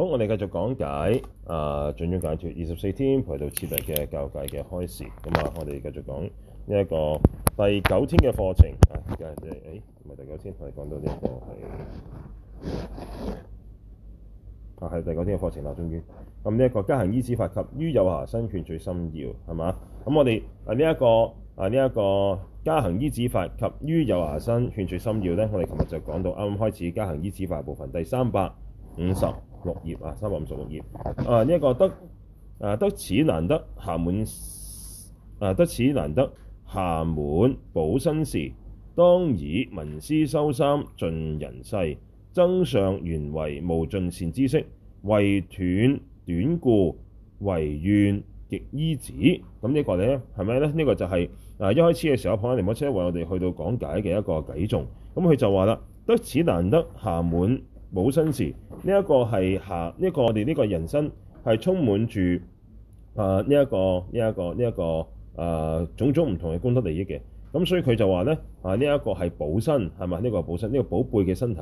好，我哋繼續講解啊！掌、呃、中解脫二十四天菩提道次第嘅教誡嘅開示。咁、嗯、啊，我哋繼續講呢一個第九天嘅課程。誒、哎，誒、哎，唔係第九天我哋講到呢、這、一個係、哎、啊，係第九天嘅課程啦，終於咁呢一個加行依止法及於有暇身勸取心要係嘛？咁我哋啊呢一個啊呢一個加行依止法及於有暇身勸取心要咧，我哋琴日就講到啱啱開始加行依止法，勸勸依止法部分第三百五十六頁啊，三百五十六頁。啊，呢、這、一個得啊，得此難得暇滿啊，得此難得暇滿補身時，當以聞思修三盡人世，增上原慧無盡善知識，為斷短故，為怨極依止。咁、嗯這個、呢個咧係咪咧？是是呢、這個就係、是、啊，一開始嘅時候，嗯、帕繃喀仁波切為我哋去到講解嘅一個偈頌，咁、嗯、佢就話啦：得此難得暇滿。保身時呢一個係下，呢、這個我哋呢個人身係充滿住啊呢一個呢一、這個呢一個啊種種唔同嘅功德利益嘅，咁、嗯，所以佢就話咧啊呢一，這個係保身係嘛？呢、這個保身呢、這個寶貝嘅身體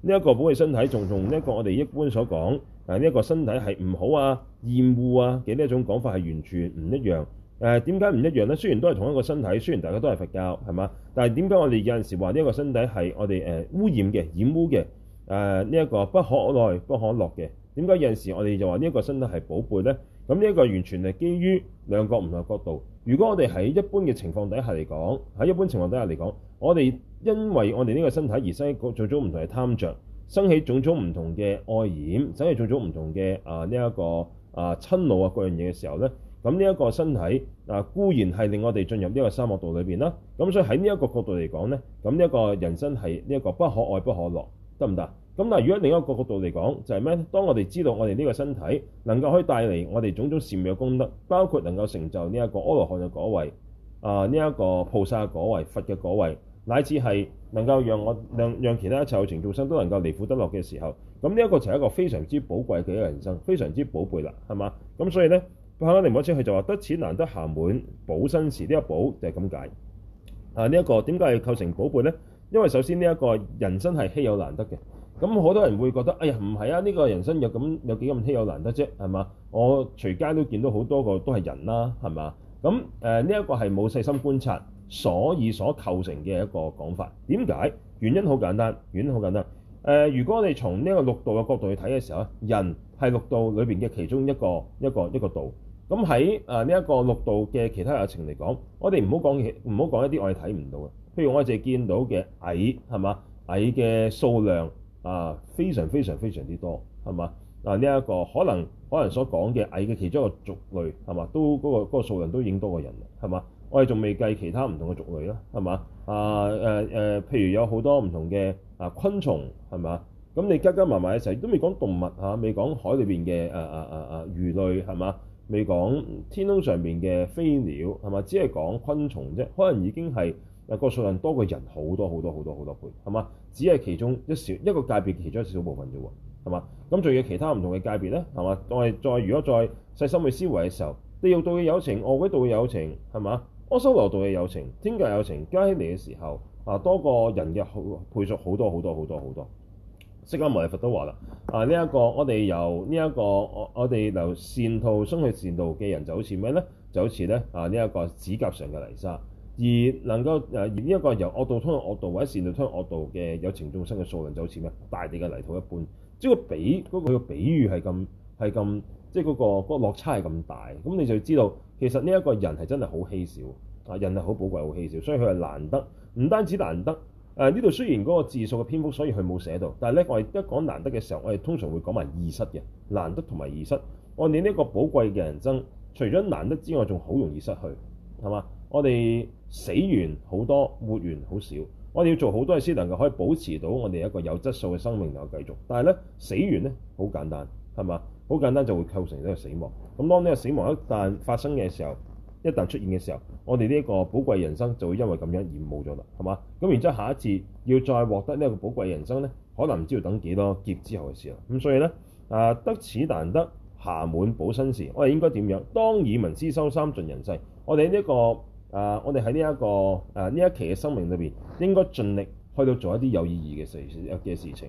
呢一個寶貝身體，仲同呢一個我哋一般所講啊呢一個身體係唔好啊、厭惡啊嘅呢一種講法係完全唔一樣。誒點解唔一樣咧？雖然都係同一個身體，雖然大家都係佛教係嘛，但係點解我哋有陣時話呢一個身體係我哋誒、呃、污染嘅、染污嘅？誒呢一個不可愛不可樂嘅，點解有陣時我哋就話呢一個身體係寶貝呢？咁呢一個完全係基於兩個唔同嘅角度。如果我哋喺一般嘅情況底下嚟講，喺一般情況底下嚟講，我哋因為我哋呢個身體而生起各種唔同嘅貪著，生起種種唔同嘅愛染，生起種種唔同嘅、呃這個呃、啊呢一個啊親老啊各樣嘢嘅時候呢。咁呢一個身體啊、呃、固然係令我哋進入呢個沙漠度裏邊啦。咁所以喺呢一個角度嚟講呢，咁呢一個人生係呢一個不可愛不可樂。得唔得？咁嗱，但如果另一個角度嚟講，就係咩咧？當我哋知道我哋呢個身體能夠可以帶嚟我哋種種善妙功德，包括能夠成就呢一個阿羅漢嘅果位，啊呢一個菩薩嘅果位、佛嘅果位，乃至係能夠讓我讓讓其他一切有情眾生都能夠離苦得樂嘅時候，咁呢一個就係一個非常之寶貴嘅一個人生，非常之寶貝啦，係嘛？咁所以咧，彭安定摩車佢就話：得此難得暇滿，寶身時呢，一寶就係咁解。啊，呢一個點解係構成寶貝咧？因為首先呢一個人生係稀有難得嘅，咁好多人會覺得，哎呀唔係啊，呢個人生有咁有幾咁稀有難得啫？係嘛？我隨街都見到好多個都係人啦，係嘛？咁誒呢一個係冇細心觀察，所以所構成嘅一個講法。點解？原因好簡單，原因好簡單。誒，如果我哋從呢一個六道嘅角度去睇嘅時候，人係六道裏邊嘅其中一個一個一個道。咁喺誒呢一個六道嘅其他事情嚟講，我哋唔好講唔好講一啲我哋睇唔到嘅。譬如我哋見到嘅蟻，係嘛？蟻嘅數量啊，非常非常非常之多，係嘛？啊呢一、這個可能可能所講嘅蟻嘅其中一個族類，係嘛？都嗰、那個嗰、那個數量都已經多過人，係嘛，我哋仲未計其他唔同嘅族類啦，係嘛？啊誒誒、啊啊，譬如有好多唔同嘅啊昆蟲，係嘛？咁你加加埋埋一齊，都未講動物嚇，未、啊、講海裏邊嘅誒誒誒誒魚類，係嘛？未講天空上邊嘅飛鳥，係嘛？只係講昆蟲啫，可能已經係。嗱個數量多過人好多好多好多好多，多倍，係嘛？只係其中一小一個界別，其中一小部分啫喎，係嘛？咁仲有其他唔同嘅界別咧，係嘛？我哋再如果再細心去思維嘅時候，地獄道嘅有情、惡鬼道嘅有情，係嘛？阿修羅道嘅有情、天界有情加起嚟嘅時候，啊多過人嘅好倍數好多好多好多好多，多。釋迦牟尼佛都話啦，啊呢一個我哋由呢一個我我哋由善道生去善道嘅人就好似咩咧？就好似咧啊呢一個指甲上嘅泥沙。而能夠誒而呢一個由惡道通過惡道，或者善道通過惡道嘅有情眾生嘅數量就，就好似咩大地嘅泥土一般。即個比嗰個比喻係咁係咁，即嗰個嗰個落差係咁大。咁你就知道其實呢一個人係真係好稀少啊！人係好寶貴、好稀少，所以佢係難得。唔單止難得，誒呢度雖然嗰個字數嘅篇幅，所以佢冇寫到。但係咧，我哋一講難得嘅時候，我哋通常會講埋易失嘅難得同埋易失。按你呢個寶貴嘅人生，除咗難得之外，仲好容易失去，係嘛？我哋。死完好多，活完好少。我哋要做好多嘢先能夠可以保持到我哋一個有質素嘅生命能夠繼續。但係呢，死完呢，好簡單，係嘛？好簡單就會構成呢個死亡。咁當呢個死亡一旦發生嘅時候，一旦出現嘅時候，我哋呢個寶貴人生就會因為咁樣而冇咗啦，係嘛？咁然之後下一次要再獲得呢個寶貴人生呢，可能唔知要等幾多劫之後嘅事啦。咁所以呢，啊得此難得，暇滿補身時，我哋應該點樣？當以聞思修三盡人世，我哋呢個。啊！我哋喺呢一個啊呢一期嘅生命裏邊，應該盡力去到做一啲有意義嘅事嘅事情，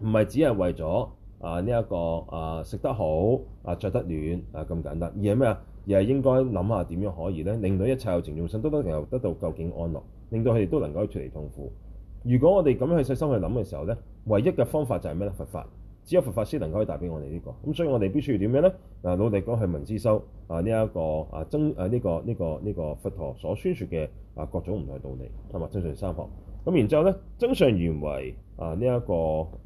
唔係只係為咗啊呢一個啊食得好啊著得暖啊咁簡單，而係咩啊？而係應該諗下點樣可以咧令到一切有情眾生都得有得到究竟安樂，令到佢哋都能夠脫離痛苦。如果我哋咁樣去細心去諗嘅時候咧，唯一嘅方法就係咩咧？佛法。只有佛法先能夠帶俾我哋呢、這個，咁所以我哋必須要點樣咧？啊，努力講去聞思修啊，呢、這、一個啊增啊呢個呢、這個呢、這個佛陀所宣説嘅啊各種唔同嘅道理，同埋增上三學。咁然之後咧，增上緣為啊呢一、這個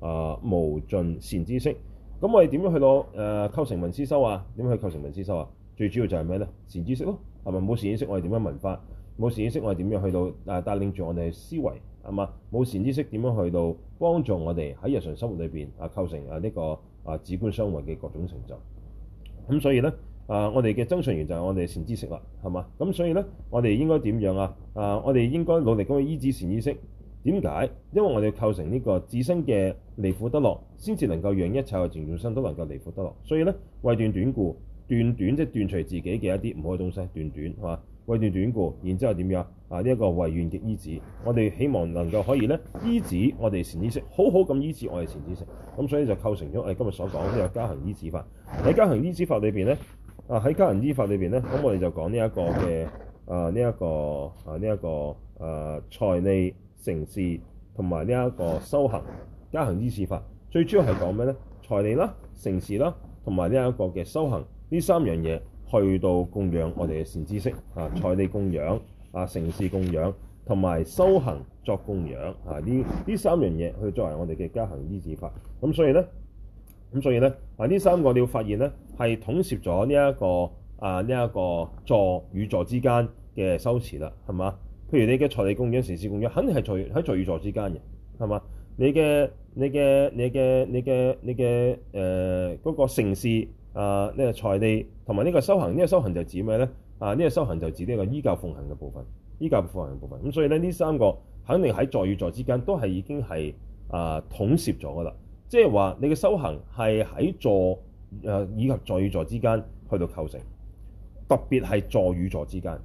啊無盡善知識。咁我哋點樣去到誒、啊、構成聞思修啊？點樣去構成聞思修啊？最主要就係咩咧？善知識咯，係咪？冇善知識我哋點樣聞法？冇善知識我哋點樣去到啊帶領住我哋嘅思維？係嘛？冇善知識點樣去到幫助我哋喺日常生活裏邊啊構成啊呢個啊止觀雙運嘅各種成就。咁、嗯、所以咧啊，我哋嘅增上緣就係我哋善知識啦，係嘛？咁所以咧，我哋應該點樣啊？啊，我哋應該努力咁去依止善知識。點解、嗯啊？因為我哋構成呢個自身嘅離苦得樂，先至能夠讓一切嘅情眾生都能夠離苦得樂。所以咧，為斷短，短故，斷短即係斷除自己嘅一啲唔好嘅東西，斷短係嘛？為段短顧，然之後點樣啊？呢一個為願極依止，我哋希望能夠可以咧依止我哋善知識，好好咁依止我哋善知識。咁所以就構成咗我哋今日所講嘅加行依止法。喺加行依止法裏邊咧，啊喺加行依法裏邊咧，咁我哋就講呢一個嘅啊呢一個啊呢一個啊財利承事同埋呢一個修行。加行依止法最主要係講咩咧？財利啦、承事啦同埋呢一個嘅修行呢三樣嘢。去到供養我哋嘅善知識啊，財利供養啊，承事供養同埋修行作供養啊，呢呢三樣嘢去作為我哋嘅加行依止法。咁所以咧，咁所以咧，嗱呢三個你要發現咧，係統攝咗呢一個啊呢一個座與座之間嘅修持啦，係嘛？譬如你嘅財利供養、承事供養，肯定係在喺座與座之間嘅，係嘛？你嘅你嘅你嘅你嘅你嘅誒嗰個承事。啊！呢個財利同埋呢個修行，呢個修行就指咩咧？啊！呢個修行就指呢個依教奉行嘅部分，依教奉行嘅部分。咁所以咧，呢三個肯定喺座與座之間都係已經係啊統攝咗噶啦。即係話你嘅修行係喺座誒、啊、以及座與座之間去到構成，特別係座與座之間。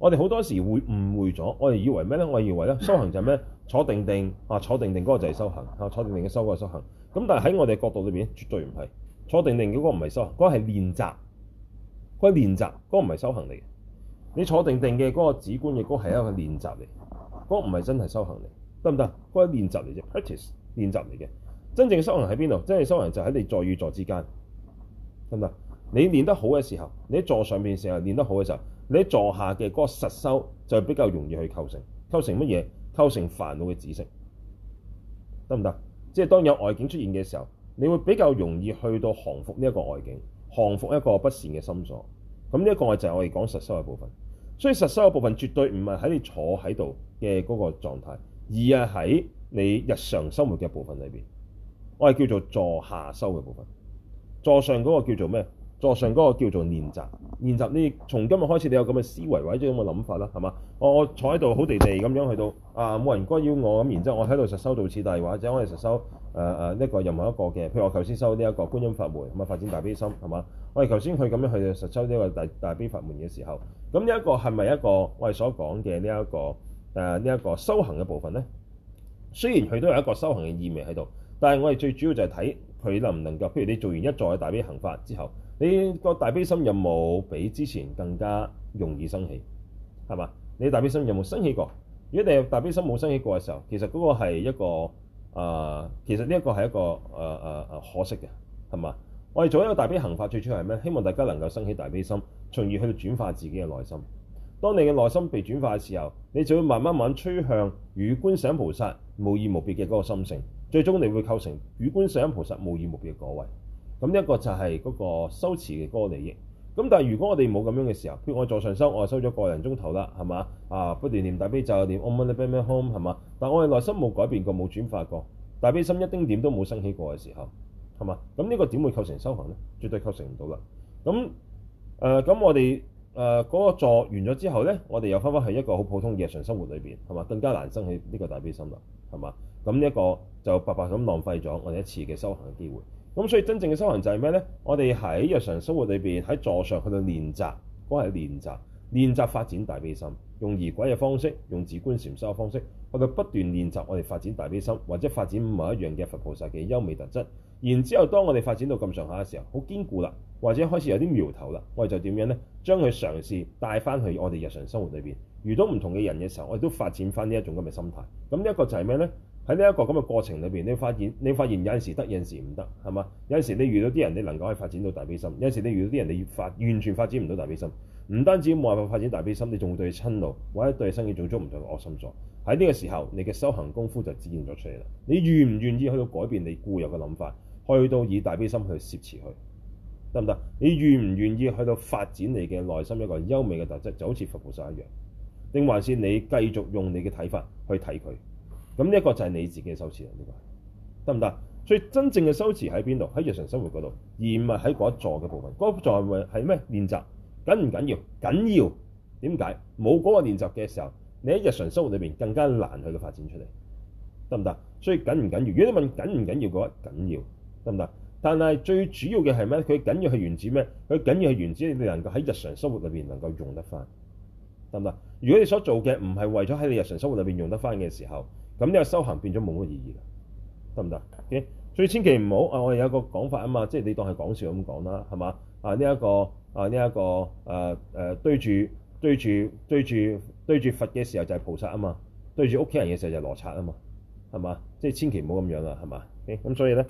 我哋好多時誤會誤會咗，我哋以為咩咧？我哋以為咧修行就係咩？坐定定啊，坐定定嗰個就係修行啊，坐定定嘅修嗰修行。咁、啊、但係喺我哋角度裏邊，絕對唔係。，坐定定嗰個唔係修行，嗰個係練習，嗰係練習，嗰個唔係修行嚟嘅。你坐定定嘅嗰個止觀嘅嗰係一個練習嚟，嗰個唔係真係修行嚟，得唔得？嗰個係練習嚟啫，practice 練習嚟嘅。真正修行喺邊度？真正修行就喺你座與座之間，得唔得？你練得好嘅時候，你喺座上面成日練得好嘅時候，你喺座下嘅嗰個實修就比較容易去構成，構成乜嘢？構成煩惱嘅止息，得唔得？即係當有外境出現嘅時候。你會比較容易去到降伏呢一個外境，降伏一個不善嘅心所。咁呢一個就係我哋講實修嘅部分。所以實修嘅部分絕對唔係喺你坐喺度嘅嗰個狀態，而係喺你日常生活嘅部分裏邊。我係叫做座下修嘅部分，座上嗰個叫做咩？座上嗰個叫做練習，練習呢？從今日開始，你有咁嘅思維或者咁嘅諗法啦，係嘛？我我坐喺度好地地咁樣去到啊，冇人干擾我咁，然之後我喺度實修道次大話，或者我哋實修誒誒呢個任何一個嘅，譬如我頭先修呢一個觀音法門咁啊，發展大悲心係嘛？我哋頭先佢咁樣去實修呢個大大悲法門嘅時候，咁呢一個係咪一個我哋所講嘅呢一個誒呢一個修行嘅部分咧？雖然佢都有一個修行嘅意味喺度，但係我哋最主要就係睇佢能唔能夠，譬如你做完一座嘅大悲行法之後。你個大悲心有冇比之前更加容易生起？係嘛？你大悲心有冇生起過？如果你大悲心冇生起過嘅時候，其實嗰個係一個啊、呃，其實呢一個係一個啊啊啊可惜嘅係嘛？我哋做一個大悲行法，最主要係咩？希望大家能夠生起大悲心，從而去轉化自己嘅內心。當你嘅內心被轉化嘅時候，你就會慢慢慢慢趨向與觀想菩薩無二無別嘅嗰個心性，最終你會構成與觀想菩薩無二無別嘅果位。咁一個就係嗰個修持嘅嗰個利益。咁但係如果我哋冇咁樣嘅時候，譬如我坐上修，我修咗個零鐘頭啦，係嘛，啊不斷念大悲咒，唸《Om Mani Padme Hum》，係嘛，但係我哋內心冇改變過，冇轉化過，大悲心一丁點都冇升起過嘅時候，係嘛？咁呢個點會構成修行咧？絕對構成唔到啦。咁誒，咁我哋誒，嗰個坐完咗之後咧，我哋又翻返去一個好普通嘅日常生活裏邊，係嘛？更加難生起呢個大悲心啦，係嘛？咁呢一個就白白咁浪費咗我哋一次嘅修行嘅機會。咁所以真正嘅修行就係咩呢？我哋喺日常生活裏邊，喺座上去度練習，都係練習練習發展大悲心，用儀軌嘅方式，用自觀禪修嘅方式，去度不斷練習我哋發展大悲心，或者發展某一樣嘅佛菩薩嘅優美特質。然之後，當我哋發展到咁上下嘅時候，好堅固啦，或者開始有啲苗頭啦，我哋就點樣呢？將佢嘗試帶翻去我哋日常生活裏邊，遇到唔同嘅人嘅時候，我哋都發展翻呢一種咁嘅心態。咁一個就係咩呢？喺呢一個咁嘅過程裏邊，你發現，你發現有陣時得，有陣時唔得，係嘛？有陣時你遇到啲人，你能夠去發展到大悲心；有陣時你遇到啲人，你越發完全發展唔到大悲心。唔單止冇辦法發展大悲心，你仲對佢親怒，或者對佢身嘅種種唔同惡心所。喺呢個時候，你嘅修行功夫就展現咗出嚟啦。你願唔願意去到改變你固有嘅諗法，去到以大悲心去攝持佢，得唔得？你願唔願意去到發展你嘅內心一個優美嘅特質，就好似佛菩薩一樣，定還是你繼續用你嘅睇法去睇佢？咁呢一個就係你自己嘅修辭啦。呢個係得唔得？所以真正嘅修辭喺邊度？喺日常生活嗰度，而唔係喺嗰一座嘅部分。嗰座係咩練習，緊唔緊要？緊要，點解？冇嗰個練習嘅時候，你喺日常生活裏邊更加難去到發展出嚟，得唔得？最緊唔緊要？如果你問緊唔緊要嘅話，緊要得唔得？但係最主要嘅係咩？佢緊要係源自咩？佢緊要係源自你哋能夠喺日常生活裏邊能夠用得翻，得唔得？如果你所做嘅唔係為咗喺你日常生活裏邊用得翻嘅時候，咁呢個修行變咗冇乜意義啦，得唔得？所以千祈唔好啊！我哋有一個講法啊嘛，即係你當係講笑咁講啦，係嘛？啊呢一個啊呢一個誒誒對住對住對住對住佛嘅時候就係菩薩啊嘛，對住屋企人嘅時候就係羅剎啊嘛，係嘛？即係千祈唔好咁樣啊，係嘛？咁所以咧，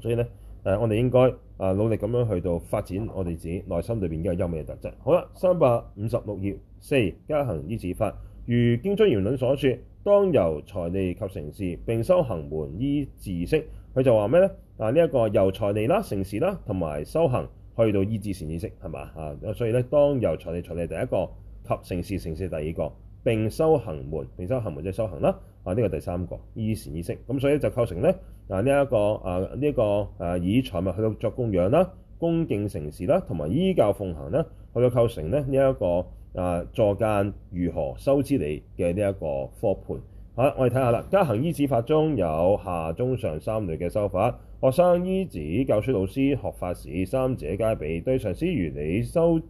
所以咧誒，我哋應該啊努力咁樣去到發展我哋自己內心裏邊嘅優美嘅特質。好啦，三百五十六頁，四加行依止法。如《經莊嚴論》中所說。當由財利及承事，並修行門依知識。佢就話咩咧？嗱、啊，呢、這、一個由財利啦、承事啦，同埋修行去到依止善知識係嘛啊？所以咧，當由財利財利，第一個，及承事、承事第二個，並修行門並修行門，並修行門就修行啦。啊，呢、這個第三個依善知識。咁所以就構成咧嗱，呢、啊、一、啊這個啊呢一、啊這個啊以財物去到作供養啦、恭敬承事啦，同埋依教奉行啦，去到構成咧呢一、這個。啊，座間如何修資你嘅呢一個科盤，好、啊、啦，我哋睇下啦。加行依止法中有下中上三類嘅修法。學生依止教書老師學法時，三者皆備。對上師如理修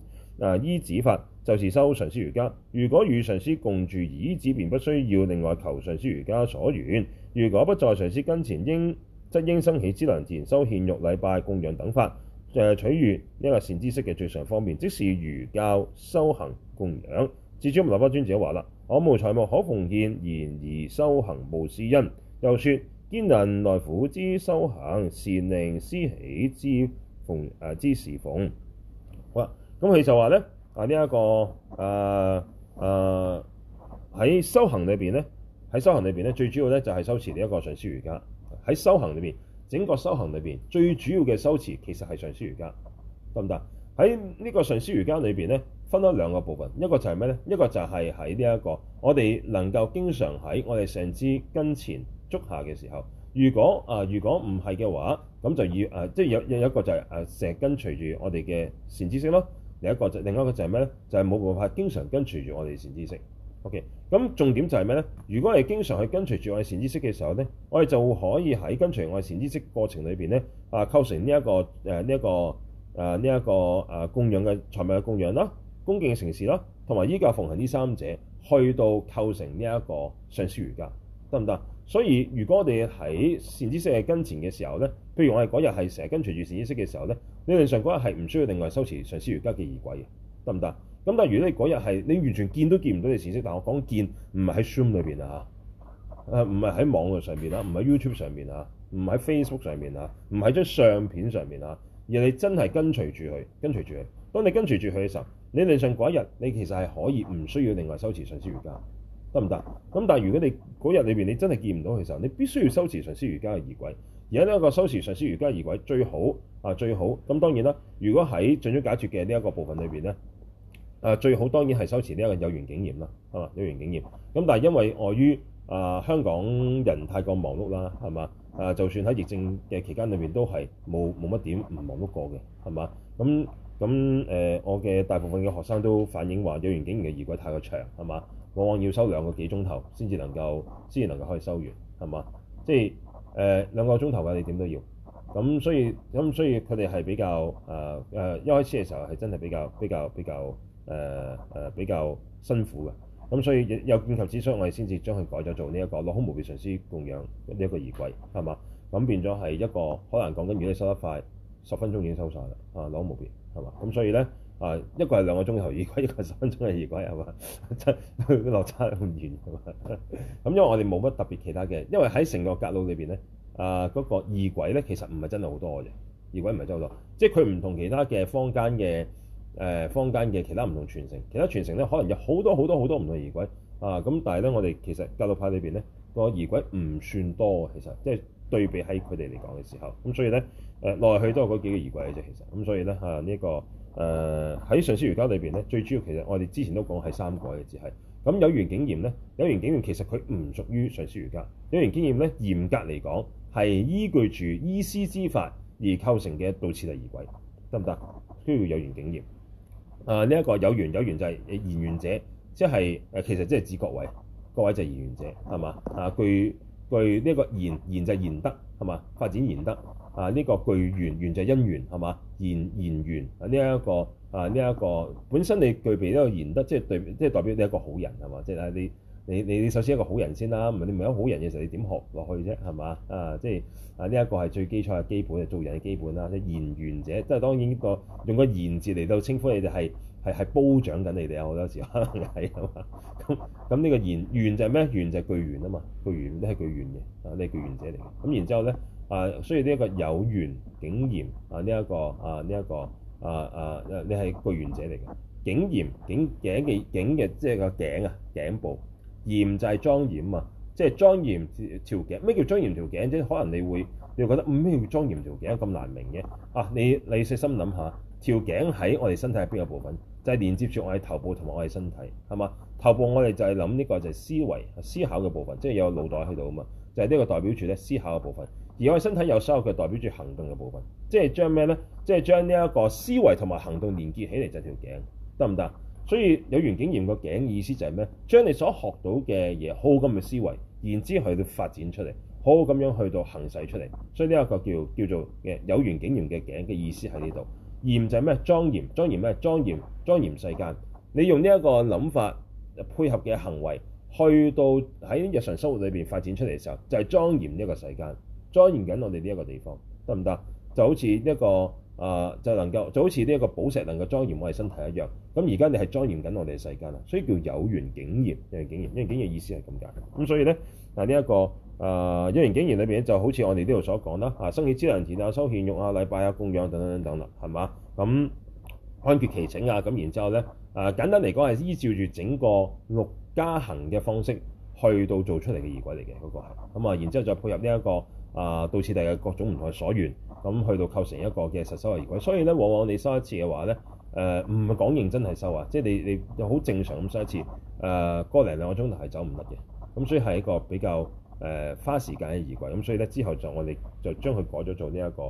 啊依止法，就是修上師瑜伽。如果與上師共住，依止便不需要另外求上師瑜伽所緣。如果不在上師跟前應，應則應生起資糧田，修獻浴、禮拜供養等法。就誒取悅呢個善知識嘅最上方便，即是如教修行供養。至尊彌勒日巴尊者都話啦：我無財物可奉獻，然而修行報師恩。又說」又說：堅韌耐苦之修行，善令師喜之奉誒、呃、之侍奉」。好啦，咁、嗯、佢就話咧，啊呢一個誒誒喺修行裏邊咧，喺修行裏邊咧，最主要咧就係修持呢一個上師瑜伽。喺修行裏邊。整個修行裏邊最主要嘅修持其實係上師瑜伽得唔得？喺呢個上師瑜伽裏邊咧，分開兩個部分，一個就係咩咧？一個就係喺呢一個我哋能夠經常喺我哋上師跟前捉下嘅時候，如果啊、呃、如果唔係嘅話，咁就以啊、呃、即係有有一個就係、是、啊成日跟隨住我哋嘅善知識咯，另一個就係、另一個就係咩咧？就係冇辦法經常跟隨住我哋善知識。OK，咁重點就係咩咧？如果我哋經常去跟隨住我哋善知識嘅時候咧，我哋就可以喺跟隨我哋善知識過程裏邊咧，啊構成呢、這、一個誒呢一個誒呢一個誒、呃這個啊、供養嘅財物嘅供養啦，恭敬嘅承事啦、啊，同埋依教奉行呢三者，去到構成呢一個上師瑜伽，得唔得？所以如果我哋喺善知識嘅跟前嘅時候咧，譬如我哋嗰日係成日跟隨住善知識嘅時候咧，理論上嗰日係唔需要另外收持上師瑜伽嘅儀軌嘅，得唔得？咁，例如咧，嗰日係你完全見都見唔到你前色，但係我講見唔係喺 Zoom 裏邊啊，嚇，唔係喺網絡上邊啦，唔係 YouTube 上邊啊，唔係 Facebook 上面啊，唔係張相片上面啊，而你真係跟隨住佢，跟隨住佢。當你跟隨住佢嘅時候，你理論上嗰一日你其實係可以唔需要另外修持上師瑜伽，得唔得？咁但係如果你嗰日裏邊你真係見唔到嘅時候，你必須要修持上師瑜伽嘅儀軌。而喺呢一個修持上師瑜伽儀軌最好啊，最好咁當然啦。如果喺盡早解決嘅呢一個部分裏邊咧。誒、啊、最好當然係收持呢一個有緣頸嚴啦，啊有緣頸嚴。咁、嗯、但係因為礙於啊、呃、香港人太過忙碌啦，係嘛？誒、啊、就算喺疫症嘅期間裏面都係冇冇乜點唔忙碌過嘅，係嘛？咁咁誒我嘅大部分嘅學生都反映話有緣頸嚴嘅儀軌太過長，係嘛？往往要收兩個幾鐘頭先至能夠先至能，能夠可以收完，係嘛？即係誒、呃、兩個鐘頭嘅你點都要。咁所以咁所以佢哋係比較誒誒、呃呃、一開始嘅時候係真係比較比較比較。比較比較比較誒誒、呃呃、比較辛苦嘅，咁、嗯、所以有所以、這個、供求之說，我哋先至將佢改咗做呢一個攞空無別上師，供養呢一個儀軌，係嘛？咁變咗係一個可能講緊，如果你收得快，十分鐘已經收晒啦，啊攞空無別係嘛？咁、嗯、所以咧啊，一個係兩個鐘頭儀軌，一個係十分鐘嘅儀軌，係嘛？真 落差咁遠係嘛？咁 因為我哋冇乜特別其他嘅，因為喺成個格路裏邊咧，啊嗰、那個儀軌咧其實唔係真係好多嘅啫，儀軌唔係真好多，即係佢唔同其他嘅坊間嘅。誒坊間嘅其他唔同傳承，其他傳承咧可能有好多好多好多唔同儀軌啊！咁但係咧，我哋其實格魯派裏邊咧個儀軌唔算多，其實即係對比喺佢哋嚟講嘅時候咁，所以咧誒來去都有嗰幾個儀軌嘅啫。其實咁所以咧嚇呢、啊呢個誒喺、呃、上師瑜伽裏邊咧，最主要其實我哋之前都講係三個嘅，只係咁有緣境驗咧，有緣境驗其實佢唔屬於上師瑜伽。有緣境驗咧嚴格嚟講係依據住依師之法而構成嘅一道次第儀軌得唔得？需要有緣境驗。啊！呢一個有緣有緣就係言緣者，即係誒，其實即係指各位，各位就係言緣者係嘛？啊，具具呢一個言言就言德係嘛？發展言德啊，呢個具緣緣就係因緣係嘛？言言緣呢一個啊，呢一個本身你具備呢個言德，即係對，即係代表你一個好人係嘛？即係你。你你首先一個好人先啦，唔係你唔係，啊這個，一個好人嘅時候，你點學落去啫？係嘛啊！即係啊，呢一個係最基礎嘅基本啊，做人嘅基本啦。即言緣者，即係當然個用個言字嚟到稱呼你哋係係係褒獎緊你哋啊！好多時候可能係啊嘛，咁咁呢個言緣就係咩？緣就係聚緣啊嘛，聚緣都係聚緣嘅啊，你聚緣者嚟嘅。咁然之後咧啊，所以呢一個有緣景炎啊，呢、這、一個啊呢一個啊啊你係聚緣者嚟嘅。景炎景頸嘅頸嘅即係個頸啊頸部。警部嚴就係莊嚴啊，即係莊嚴條頸。咩叫莊嚴條頸啫？即係可能你會，你會覺得，嗯，咩叫莊嚴條頸咁難明嘅啊？你你細心諗下，條頸喺我哋身體邊個部分？就係、是、連接住我哋頭部同埋我哋身體係嘛？頭部我哋就係諗呢個就係思維、思考嘅部分，即係有腦袋喺度啊嘛，就係、是、呢個代表住咧思考嘅部分。而我哋身體有收嘅代表住行動嘅部分，即係將咩咧？即係將呢一個思維同埋行動連結起嚟就條頸，得唔得？所以有緣景嚴個頸意思就係咩？將你所學到嘅嘢好好咁嘅思維，然之後去發展出嚟好好咁樣去到行駛出嚟。所以呢一個叫叫做嘅有緣景嚴嘅頸嘅意思喺呢度。嚴就係咩？莊嚴，莊嚴咩？莊嚴莊嚴世間。你用呢一個諗法配合嘅行為，去到喺日常生活裏邊發展出嚟嘅時候，就係莊嚴呢一個世間，莊嚴緊我哋呢一個地方，得唔得？就好似一個。啊、呃，就能夠就好似呢一個寶石能夠莊嚴我哋身體一樣，咁而家你係莊嚴緊我哋嘅世界，啦，所以叫有緣景現，有緣景現，有緣景現意思係咁解。咁所以咧，嗱呢一個啊、呃、有緣景現裏邊咧，就好似我哋呢度所講啦，啊生起資糧田啊、修獻浴啊、禮拜啊、供養等等等等啦，係嘛？咁安結其整啊，咁然之後咧，啊簡單嚟講係依照住整個六加行嘅方式去到做出嚟嘅儀軌嚟嘅嗰個係，咁啊然之後再配合呢一個啊道次第嘅各種唔同嘅所緣。咁去到構成一個嘅實修嘅儀軌，所以咧往往你修一次嘅話咧，誒唔係講認真係修啊，即係你你好正常咁修一次誒，個、呃、零兩個鐘頭係走唔甩嘅。咁、嗯、所以係一個比較誒、呃、花時間嘅儀軌。咁所以咧之後就我哋就將佢改咗做呢、這、一個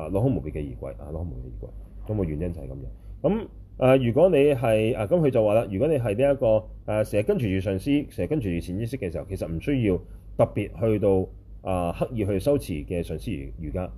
啊攞空無別嘅儀軌啊攞空無嘅儀軌咁嘅原因就係咁樣。咁、嗯、誒、呃，如果你係啊咁，佢就話啦，如果你係呢一個誒，成、啊、日跟住住上師，成日跟住住善知識嘅時候，其實唔需要特別去到啊刻意去修持嘅上師瑜伽。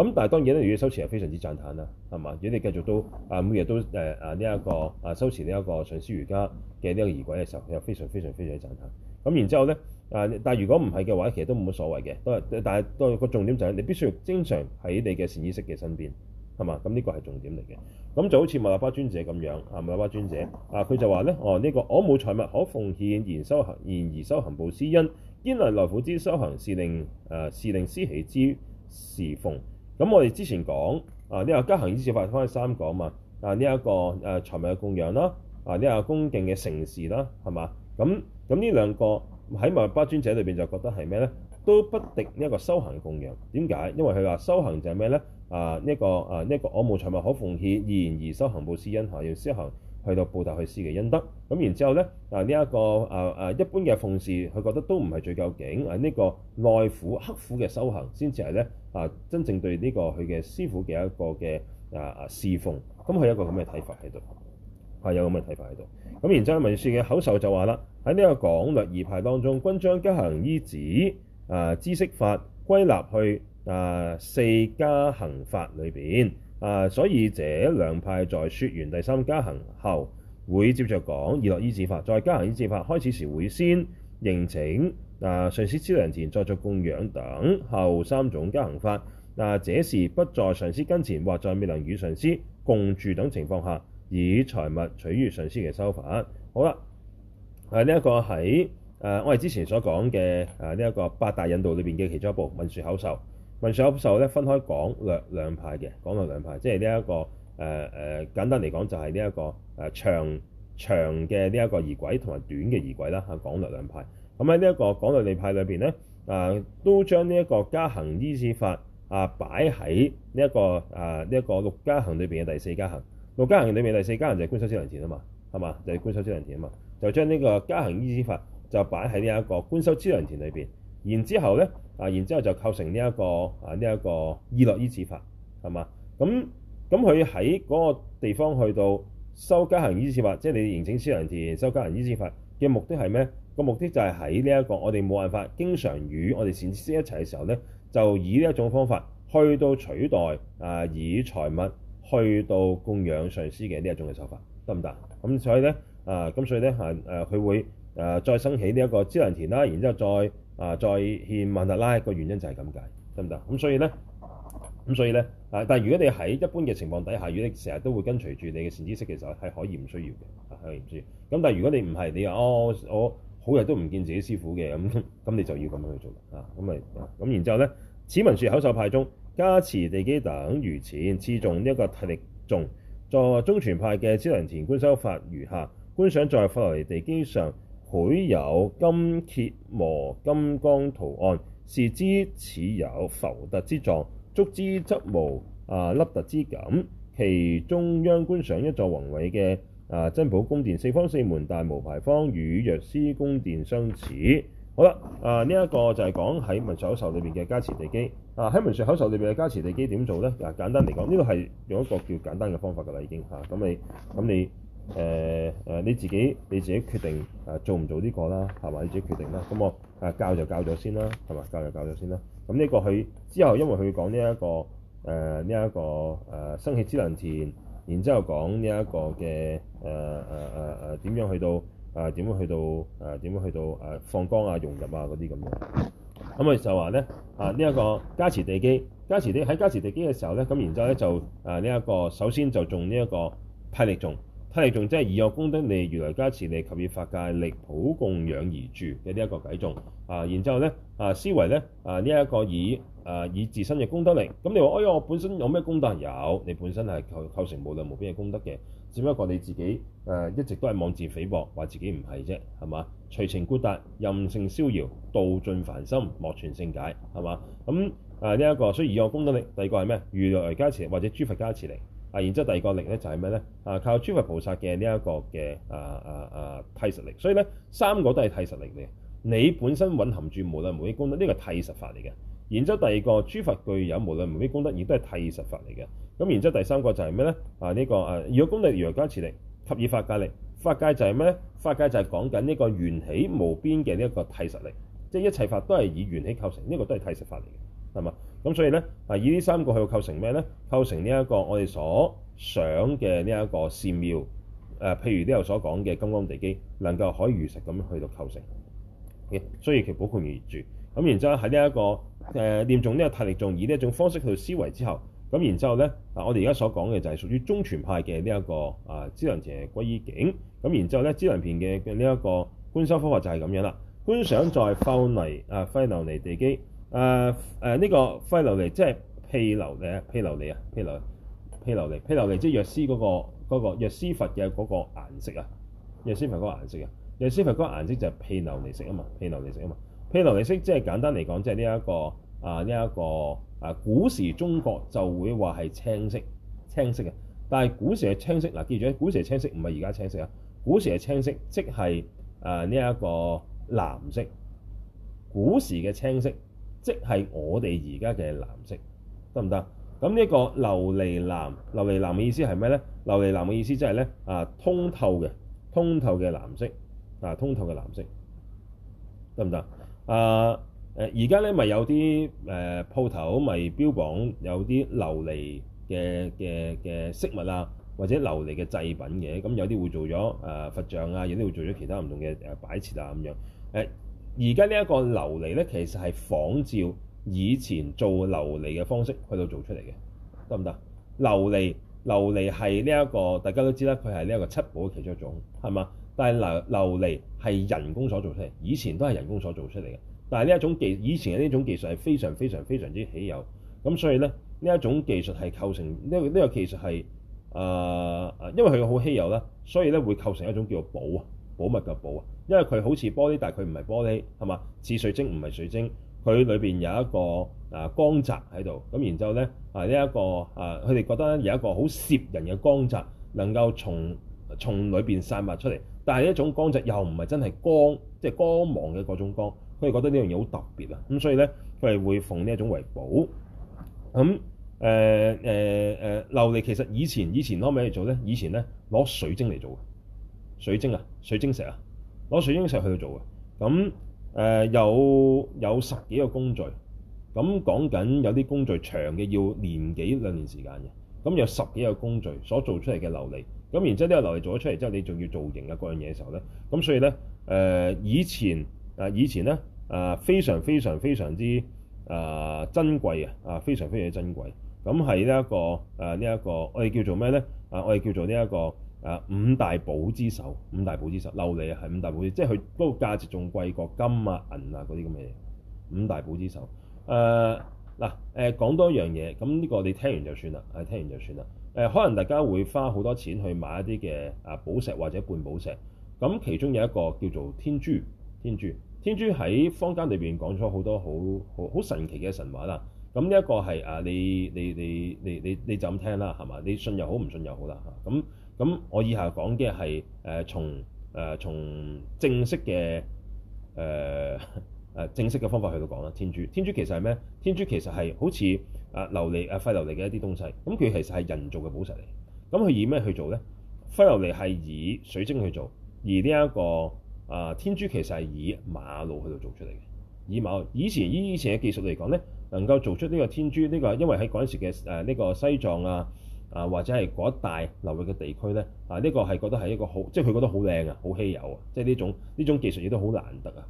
咁但係當然咧，如果修持係非常之讚歎啦，係嘛？如果你繼續都啊，每日都誒啊呢一、這個啊修持呢一個上師瑜伽嘅呢個儀軌嘅時候，又非常非常非常之讚歎。咁、嗯、然之後咧啊，但係如果唔係嘅話，其實都冇乜所謂嘅都係。但係都個重點就係你必須要經常喺你嘅善知識嘅身入邊係嘛？咁呢、嗯這個係重點嚟嘅。咁、嗯、就好似米拉巴尊者咁樣啊，米拉巴尊者啊，佢就話咧：哦、啊，呢、這個我冇財物可奉獻，然修行，然而修行報師恩，堅韌耐苦之修行，令令呃、令令令起起是令誒是令師喜之侍奉。咁我哋之前講啊呢、這個加行依止法，翻去三講嘛。啊呢一、這個誒財物嘅供養啦，啊呢、啊啊這個恭敬嘅承事啦，係嘛？咁咁呢兩個喺彌勒日巴尊者裏邊就覺得係咩咧？都不敵呢一個修行嘅供養。點解？因為佢話修行就係咩咧？啊呢、這個啊呢、這個我冇財物可奉獻，然而修行報師恩嚇，要修行。去到報答佢師嘅恩德，咁然之後咧，啊呢一、這個啊啊一般嘅奉事，佢覺得都唔係最究竟，啊呢、這個耐苦刻苦嘅修行，先至係咧啊真正對呢個佢嘅師傅嘅一個嘅啊啊侍、啊、奉，咁係一個咁嘅睇法喺度，係有咁嘅睇法喺度。咁然之後，文殊嘅口授就話啦，喺呢個廣略二派當中，均將加行依止啊知識法歸納去啊四加行法裏邊。啊，所以這兩派在說完第三加行後，會接著講意樂依止法，在加行依止法，開始時會先迎請，嗱、啊，上師資糧田再作供養等後三種加行法。嗱、啊，這是不在上師跟前或在未能與上師共住等情況下，以財物取悅上師嘅修法。好啦，啊呢一、這個喺誒、啊、我哋之前所講嘅啊呢一、這個八大引導裏邊嘅其中一部《文殊口授》。《文殊口授》咧分開講廣略兩派嘅，講廣略兩派，即係呢一個誒誒、呃、簡單嚟講就係、這個呃嗯、呢一、呃、個誒長長嘅呢一個儀軌同埋短嘅儀軌啦，啊，講廣略兩派。咁喺呢一個講廣略兩派裏邊咧，啊，都將呢一個加行依止法啊擺喺呢一個誒呢一個六加行裏邊嘅第四加行。六加行裏面第四加行就係觀修資糧田啊嘛，係嘛？就係、是、觀修資糧田啊嘛，就將呢個加行依止法就擺喺呢一個觀修資糧田裏邊。然之後咧，啊，然之後就構成呢、這、一個啊，呢、這、一個意樂依止法係嘛？咁咁佢喺嗰個地方去到修加行依止法，即係你迎請資糧田修加行依止法嘅目的係咩？個目的就係喺呢一個我哋冇辦法經常與我哋善師一齊嘅時候咧，就以呢一種方法去到取代啊，以財物去到供養上師嘅呢一種嘅手法得唔得？咁所以咧啊，咁所以咧係誒佢會誒、啊、再生起呢一個資糧田啦，然之後再。啊！再獻曼特拉個原因就係咁解得唔得？咁所以咧，咁所以咧，啊！但係如果你喺一般嘅情況底下，如果你成日都會跟隨住你嘅善知識嘅時候，係可以唔需要嘅，係可以唔需要。咁但係如果你唔係，你話哦，我好日都唔見自己師傅嘅，咁咁你就要咁樣去做啦。啊，咁咪咁然之後咧，此文殊口授派中加持地基等如前，次誦一個諦力頌，在中傳派嘅資糧田觀修法如下：觀想在吠琉璃地基上。繪有金羯摩金剛圖案，視之似有浮突之狀，觸之則無啊凹凸之感。其中央觀想一座宏偉嘅啊珍寶宮殿，四方四門，大無牌坊，與藥師宮殿相似。好啦，啊呢一個就係講喺文殊口授裏面嘅加持地基。啊、呃、喺文殊口授裏面嘅加持地基點做呢？啊、呃、簡單嚟講，呢個係用一個叫簡單嘅方法噶啦，已經嚇咁你咁你。誒誒、呃，你自己你自己決定誒做唔做呢個啦，係嘛？你自己決定啦。咁、呃這個嗯、我誒教就教咗先啦，係嘛？教就教咗先啦。咁、嗯、呢、這個佢之後，因為佢講呢、這、一個誒呢一個誒、呃、生起資糧田，然之後講呢一個嘅誒誒誒誒點樣去到誒點、呃、樣去到誒點、呃、樣去到誒、呃呃、放光啊、融入啊嗰啲咁樣。咁、嗯、佢就話咧啊？呢、這、一個加持地基，加持地喺加持地基嘅時候咧，咁然之後咧就誒呢一個、啊、首先就誦呢、這、一個諦力頌。睇嚟仲即係以我功德力、如來加持力及以法界力普供養而住嘅呢一個偈重啊，然之後咧啊思維咧啊呢一個以啊以自身嘅功德力，咁你話哎呀我本身有咩功德有？你本身係構構成無量無邊嘅功德嘅，只不過你自己誒、啊、一直都係妄自菲薄，話自己唔係啫，係嘛？隨情故達，任性逍遙，道盡凡心，莫存聖解，係嘛？咁啊呢一個所以以我功德力，第二個係咩？如來加持力或者諸佛加持力。啊，然之後第二個力咧就係咩咧？啊，靠諸佛菩薩嘅呢一個嘅啊啊啊諦實力，所以咧三個都係諦實力嚟嘅。你本身蘊含住無量無邊功德，呢、這個諦實法嚟嘅。然之後第二個諸佛具有無量無邊功德，亦都係諦實法嚟嘅。咁然之後第三個就係咩咧？啊呢、這個啊，果功德如來加持力及以法界力，法界就係咩咧？法界就係講緊呢個緣起無邊嘅呢一個諦實力，即、就、係、是、一切法都係以緣起構成，呢、這個都係諦實法嚟嘅，係嘛？咁所以咧，嗱、啊，以呢三個去到構成咩咧？構成呢一個我哋所想嘅呢一個善妙誒，譬如呢個所講嘅金剛地基，能夠可以如實咁去到構成嘅、嗯，所以其寶固如住。咁、嗯、然之後喺呢一個誒、呃、念重呢、呢個諦力頌，以呢一種方式去到思維之後，咁、嗯、然之後咧，嗱、啊，我哋而家所講嘅就係屬於中傳派嘅呢一個啊《資糧、嗯、糧田歸依境》。咁然之後咧，《資糧田》嘅呢一個觀修方法就係咁樣啦。觀想在吠硫、u 啊，吠硫璃地基。誒誒，呢、呃呃這個吠琉璃即係披琉璃啊！披琉璃啊！披琉璃，披琉璃，即係藥師嗰個嗰個藥師佛嘅嗰個顏色啊！藥師佛嗰個顏色啊！藥師佛嗰個顏色就係披琉璃色啊嘛！披琉璃色啊嘛！披琉璃色即係簡單嚟講，即係呢一個啊呢一個啊古時中國就會話係青色青色嘅，但係古時嘅青色嗱、啊、記住，古時嘅青色唔係而家青色啊，古時嘅青色即係啊呢一、這個藍色，古時嘅青色。即係我哋而家嘅藍色，得唔得？咁呢個琉璃藍，琉璃藍嘅意思係咩咧？琉璃藍嘅意思即係咧啊，通透嘅，通透嘅藍色，啊，通透嘅藍色，得唔得？啊誒，而家咧咪有啲誒鋪頭咪標榜有啲琉璃嘅嘅嘅飾物啊，或者琉璃嘅製品嘅，咁有啲會做咗誒、啊、佛像啊，有啲會做咗其他唔同嘅誒擺設啊咁樣誒。啊而家呢一個琉璃呢，其實係仿照以前做琉璃嘅方式去到做出嚟嘅，得唔得？琉璃，琉璃係呢一個大家都知啦，佢係呢一個七寶其中一種，係嘛？但係琉琉璃係人工所做出嚟，以前都係人工所做出嚟嘅。但係呢一種技，以前嘅呢種技術係非常非常非常之稀有，咁所以呢，呢一種技術係構成呢呢、呢個技術係啊啊，因為佢好稀有啦，所以呢會構成一種叫做寶啊寶物嘅寶啊。因為佢好似玻璃，但係佢唔係玻璃係嘛，似水晶唔係水晶。佢裏邊有一個啊、呃、光澤喺度咁，然之後咧啊呢一、呃這個啊，佢、呃、哋覺得有一個好攝人嘅光澤，能夠從從裏邊散發出嚟。但係呢一種光澤又唔係真係光，即係光芒嘅嗰種光。佢哋覺得呢樣嘢好特別啊！咁所以咧，佢哋會奉呢一種為寶。咁誒誒誒，琉、呃、璃、呃呃呃、其實以前以前攞咩嚟做咧？以前咧攞水晶嚟做嘅水晶啊，水晶石啊。攞水晶石去度做嘅，咁誒、呃、有有十幾個工序，咁講緊有啲工序長嘅要年幾兩年時間嘅，咁有十幾個工序所做出嚟嘅琉璃，咁然之後呢個琉璃做咗出嚟之後，你仲要造型啊各樣嘢嘅時候咧，咁所以咧誒、呃、以前誒、呃、以前咧誒、呃、非常非常非常之誒、呃、珍貴嘅啊，非常非常之珍貴，咁係呢一個誒呢一個我哋叫做咩咧啊，我哋叫做呢一個。呃啊！五大寶之首，五大寶之首，琉璃啊！係五大寶之首，即係佢不過價值仲貴過金啊、銀啊嗰啲咁嘅嘢。五大寶之首，誒嗱，誒講多樣嘢。咁呢個你聽完就算啦，係聽完就算啦。誒、呃，可能大家會花好多錢去買一啲嘅啊寶石或者半寶石。咁其中有一個叫做天珠，天珠，天珠喺坊間裏邊講咗好多好好好神奇嘅神話啦。咁呢一個係啊，你你你你你你就咁聽啦，係嘛？你信又好唔信又好啦，咁、嗯。嗯。咁我以下講嘅係誒從誒從正式嘅誒誒正式嘅方法去到講啦。天珠天珠其實係咩？天珠其實係好似啊琉璃啊吠琉璃嘅一啲東西。咁佢其實係人造嘅寶石嚟。咁佢以咩去做咧？吠琉璃係以水晶去做，而呢、這、一個啊、呃、天珠其實係以馬路去到做出嚟嘅。以某以，以前依以，以前嘅技術嚟講咧，能夠做出呢個天珠呢、這個，因為喺嗰陣時嘅誒呢個西藏啊。啊，或者係嗰一帶流域嘅地區咧，啊，呢、呢個係覺得係一個好，即係佢覺得好靚、哎、啊，好稀有啊，即係呢種呢種技術亦都好難得啊！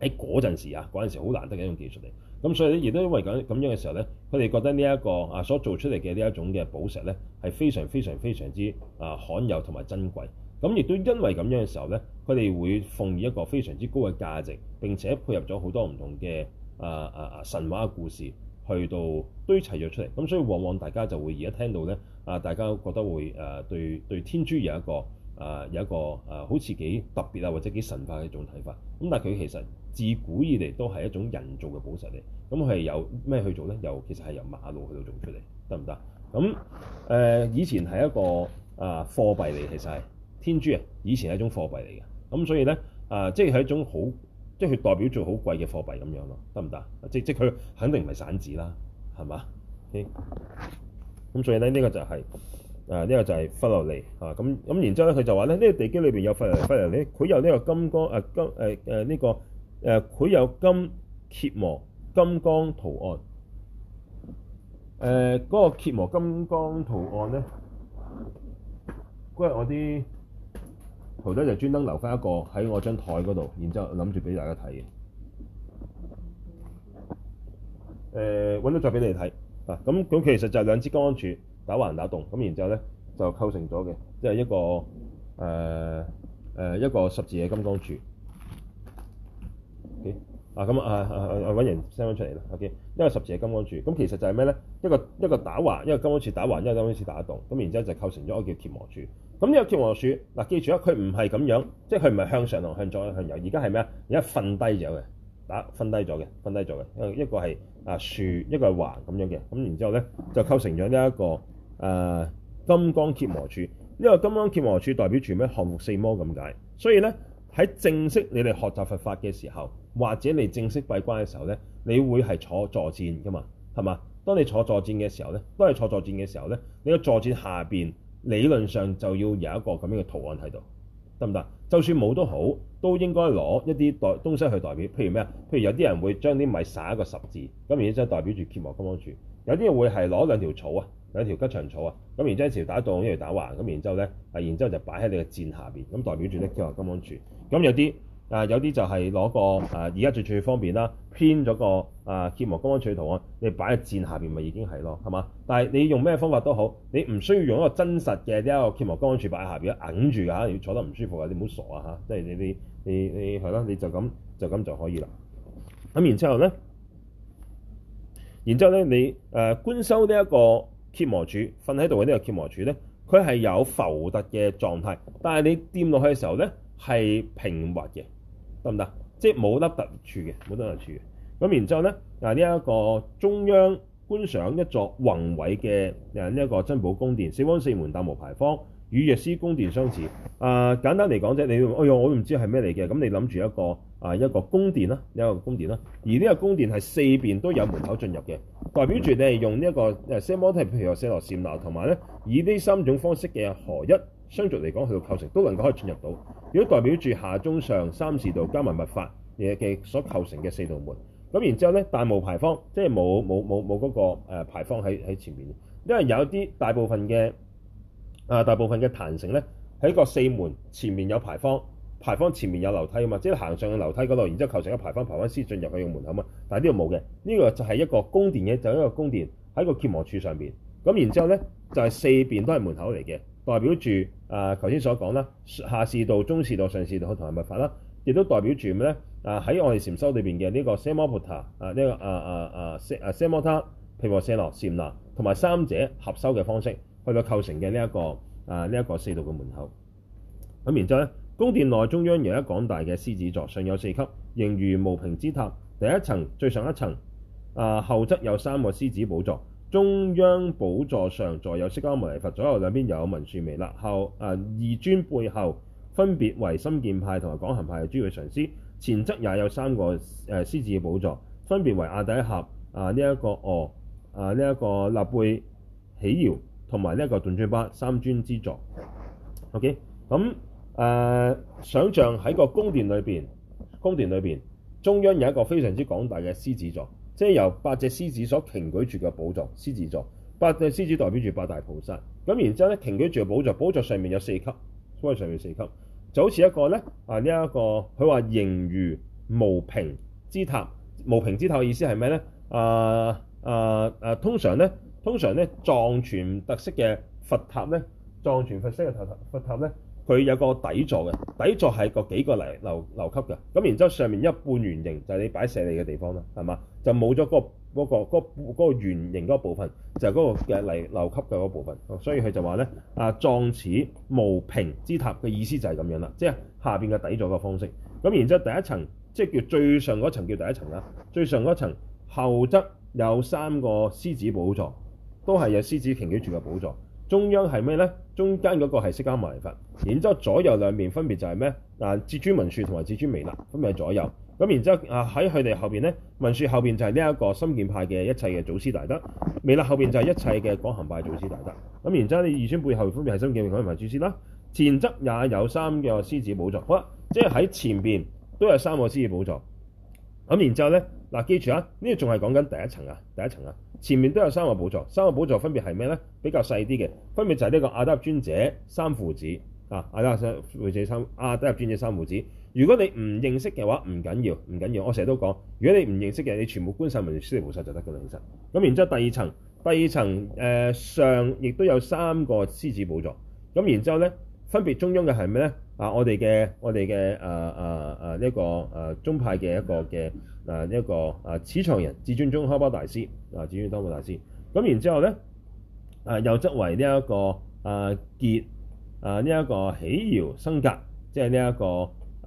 喺嗰陣時啊，嗰陣時好難得嘅一種技術嚟。咁所以咧，亦都因為咁咁樣嘅時候咧，佢哋覺得呢、呢、一個啊所做出嚟嘅呢一種嘅寶石咧，係非常非常非常之啊罕有同埋珍貴。咁亦都因為咁樣嘅時候咧，佢哋會奉以一個非常之高嘅價值，並且配合咗好多唔同嘅啊啊啊神話故事。去到堆齊咗出嚟，咁所以往往大家就會而家聽到呢，啊大家覺得會誒、呃、對對天珠有一個誒、呃、有一個誒、呃、好似幾特別啊或者幾神化嘅一種睇法，咁但係佢其實自古以嚟都係一種人造嘅寶石嚟，咁係由咩去做呢？由其實係由馬路去到做出嚟，得唔得？咁誒、呃、以前係一個啊、呃、貨幣嚟，其實係天珠啊，以前係一種貨幣嚟嘅，咁所以呢，啊、呃、即係係一種好。佢代表住好貴嘅貨幣咁樣咯，得唔得？即即佢肯定唔係散紙啦，係嘛？咁所以咧，呢、這個就係誒呢個就係吠琉璃嚇。咁、啊、咁然之後咧，佢就話咧，呢、這個地基裏邊有吠吠琉璃，佢有呢個金剛誒、呃、金誒誒呢個誒，佢、呃、有金羯摩金剛圖案誒，嗰、呃那個羯摩金剛圖案咧，嗰日我啲。葡仔就專登留翻一個喺我張台嗰度，然之後諗住俾大家睇嘅。誒、呃，揾咗再俾你嚟睇啊！咁咁其實就係兩支金剛柱打橫打洞，咁然之後咧就構成咗嘅，即係一個誒誒、呃呃、一個十字嘅金剛柱。Okay? 啊咁啊啊啊揾人 send 翻出嚟啦。O、okay? K，一個十字嘅金剛柱，咁其實就係咩咧？一個一個打橫，一個金剛柱打橫，一個金剛柱打洞，咁然之後就構成咗一個叫鐵膜柱。咁呢個羯摩杵，嗱記住啊，佢唔係咁樣，即係佢唔係向上同向左向右，而家係咩啊？而家瞓低咗嘅，瞓低咗嘅，瞓低咗嘅。一個係啊豎，一個係橫咁樣嘅。咁然之後咧，就構成咗呢一個誒、呃、金剛羯摩杵。呢、這個金剛羯摩杵代表住咩？降伏四魔咁解。所以咧喺正式你哋學習佛法嘅時候，或者你正式閉關嘅時候咧，你會係坐坐墊噶嘛，係嘛？當你坐坐墊嘅時候咧，都係坐坐墊嘅時候咧，你個坐墊下邊。理論上就要有一個咁樣嘅圖案喺度，得唔得？就算冇都好，都應該攞一啲代東西去代表，譬如咩啊？譬如有啲人會將啲米撒一個十字，咁然之後代表住羯摩金剛杵；有啲人會係攞兩條草啊，兩條吉祥草啊，咁然之後一條打棟，一條打橫，咁然之後咧，啊，然之後就擺喺你嘅箭下邊，咁代表住啲羯摩金剛杵。咁有啲誒有啲就係攞個誒而家最最便方便啦，編咗個誒羯摩、呃、金剛杵嘅圖案，你擺喺箭下邊咪已經係咯，係嘛？但係你用咩方法都好，你唔需要用一個真實嘅呢一個羯摩金剛杵擺喺下邊，揞住㗎嚇。要坐得唔舒服嘅，你唔好傻啊嚇、啊！即係你你你你係啦，你就咁就咁就可以啦。咁然之後咧，然之後咧你誒觀、呃、修呢一個羯摩杵瞓喺度嘅呢個羯摩杵咧，佢係有浮凸嘅狀態，但係你掂落去嘅時候咧係平滑嘅。得唔得？即係冇凹凸處嘅，冇凹凸處嘅。咁然之後咧，啊呢一、這個中央觀想一座宏偉嘅啊呢一個珍寶宮殿，四方四門但無牌坊，與藥師宮殿相似。啊簡單嚟講啫，你，哎呀，我唔知係咩嚟嘅。咁你諗住一個啊一個宮殿啦，一個宮殿啦。而呢個宮殿係四邊都有門口進入嘅，代表住你係用、這個、呢一個啊 s o m e 譬如話色羅善嗱，同埋咧以呢三種方式嘅何一？相續嚟講，去到構成都能夠可以進入到。如果代表住下中上三士道加埋密法嘢嘅所構成嘅四道門，咁然之後呢，但無牌坊，即係冇冇冇冇嗰個牌坊喺喺前面。因為有啲大部分嘅啊，大部分嘅壇城呢，喺個四門前面有牌坊，牌坊前面有樓梯啊嘛，即係行上樓梯嗰度，然之後構成一個牌坊，牌坊先進入佢嘅門口嘛。但係呢度冇嘅，呢、這個就係一個宮殿嘅，就是、一個宮殿喺個羯摩處上面。咁然之後呢，就係、是、四邊都係門口嚟嘅，代表住。啊！頭先所講啦，下士道、中士道、上士道同埋密法啦，亦都代表住咩咧？啊！喺我哋禪修裏邊嘅呢個奢摩他啊，呢個啊啊啊奢啊奢摩他，毗婆舍羅、舍那，同埋三者合修嘅方式，去到構成嘅呢一個啊呢一、這個四道嘅門口。咁然之後咧，宮殿內中央有一廣大嘅獅子座，上有四級，形如無瓶之塔。第一層最上一層啊，後側有三個獅子寶座。中央寶座上坐有釋迦牟尼佛，左右兩邊有文殊、彌勒後，誒二尊背後分別為甚深見派同埋廣行派嘅諸位上師，前側也有三個誒、呃、獅子嘅寶座，分別為阿底峽、啊呢一個俄、啊呢一個、呃這個、勒貝喜饒同埋呢一個仲敦巴三尊之座。OK，咁誒、呃、想象喺個宮殿裏邊，宮殿裏邊中央有一個非常之廣大嘅獅子座。即係由八隻獅子所擎舉住嘅寶座，獅子座。八隻獅子代表住八大菩薩。咁然之後咧，擎舉住嘅寶座，寶座上面有四級，所謂上面四級，就好似一個咧，啊，呢一個，佢話形如無瓶之塔。無瓶之塔嘅意思係咩咧？啊啊啊，通常咧，通常咧，藏傳特色嘅佛塔咧，藏傳佛色嘅塔塔佛塔咧。佛塔呢佢有個底座嘅，底座係個幾個樓樓級嘅，咁然之後上面一半圓形就係、是、你擺石獅嘅地方啦，係嘛？就冇咗嗰嗰個嗰圓、那個那個那個那個、形嗰部分，就係、是、嗰個嘅樓級嘅嗰部分，所以佢就話咧啊，狀似無瓶之塔嘅意思就係咁樣啦，即係下邊嘅底座嘅方式。咁然之後第一層，即係叫最上嗰層叫第一層啦，最上嗰層後側有三個獅子寶座，都係有獅子擎起住嘅寶座。中央係咩咧？中間嗰個係釋迦牟尼佛，然之後左右兩邊分別就係咩？嗱、啊，至尊文殊同埋至尊彌勒分別係左右。咁然之後啊，喺佢哋後邊咧，文殊後邊就係呢一個深見派嘅一切嘅祖師大德；彌勒後邊就係一切嘅廣行派祖師大德。咁然之後，二尊背後分別係深見派同埋祖師啦。前側也有三個獅子寶座，好即係喺前邊都有三個獅子寶座。咁然之後咧，嗱、啊、記住啊，呢仲係講緊第一層啊，第一層啊。前面都有三個寶座，三個寶座分別係咩咧？比較細啲嘅，分別就係呢個阿底峽尊者三父子啊！阿底峽尊者三阿底峽尊者三父子。如果你唔認識嘅話，唔緊要，唔緊要。我成日都講，如果你唔認識嘅，你全部觀晒文殊菩薩就得㗎喇，其實。咁然之後第二層，第二層誒上亦都有三個獅子寶座。咁然之後咧，分別中央嘅係咩咧？啊，我哋嘅我哋嘅誒誒誒呢個誒中派嘅一個嘅。啊！呢一個啊，始創人至尊宗喀巴大師啊，至尊當鋪大師。咁然之後咧、這個，啊右側為呢一個啊傑啊呢一個喜饒生格，即係呢一個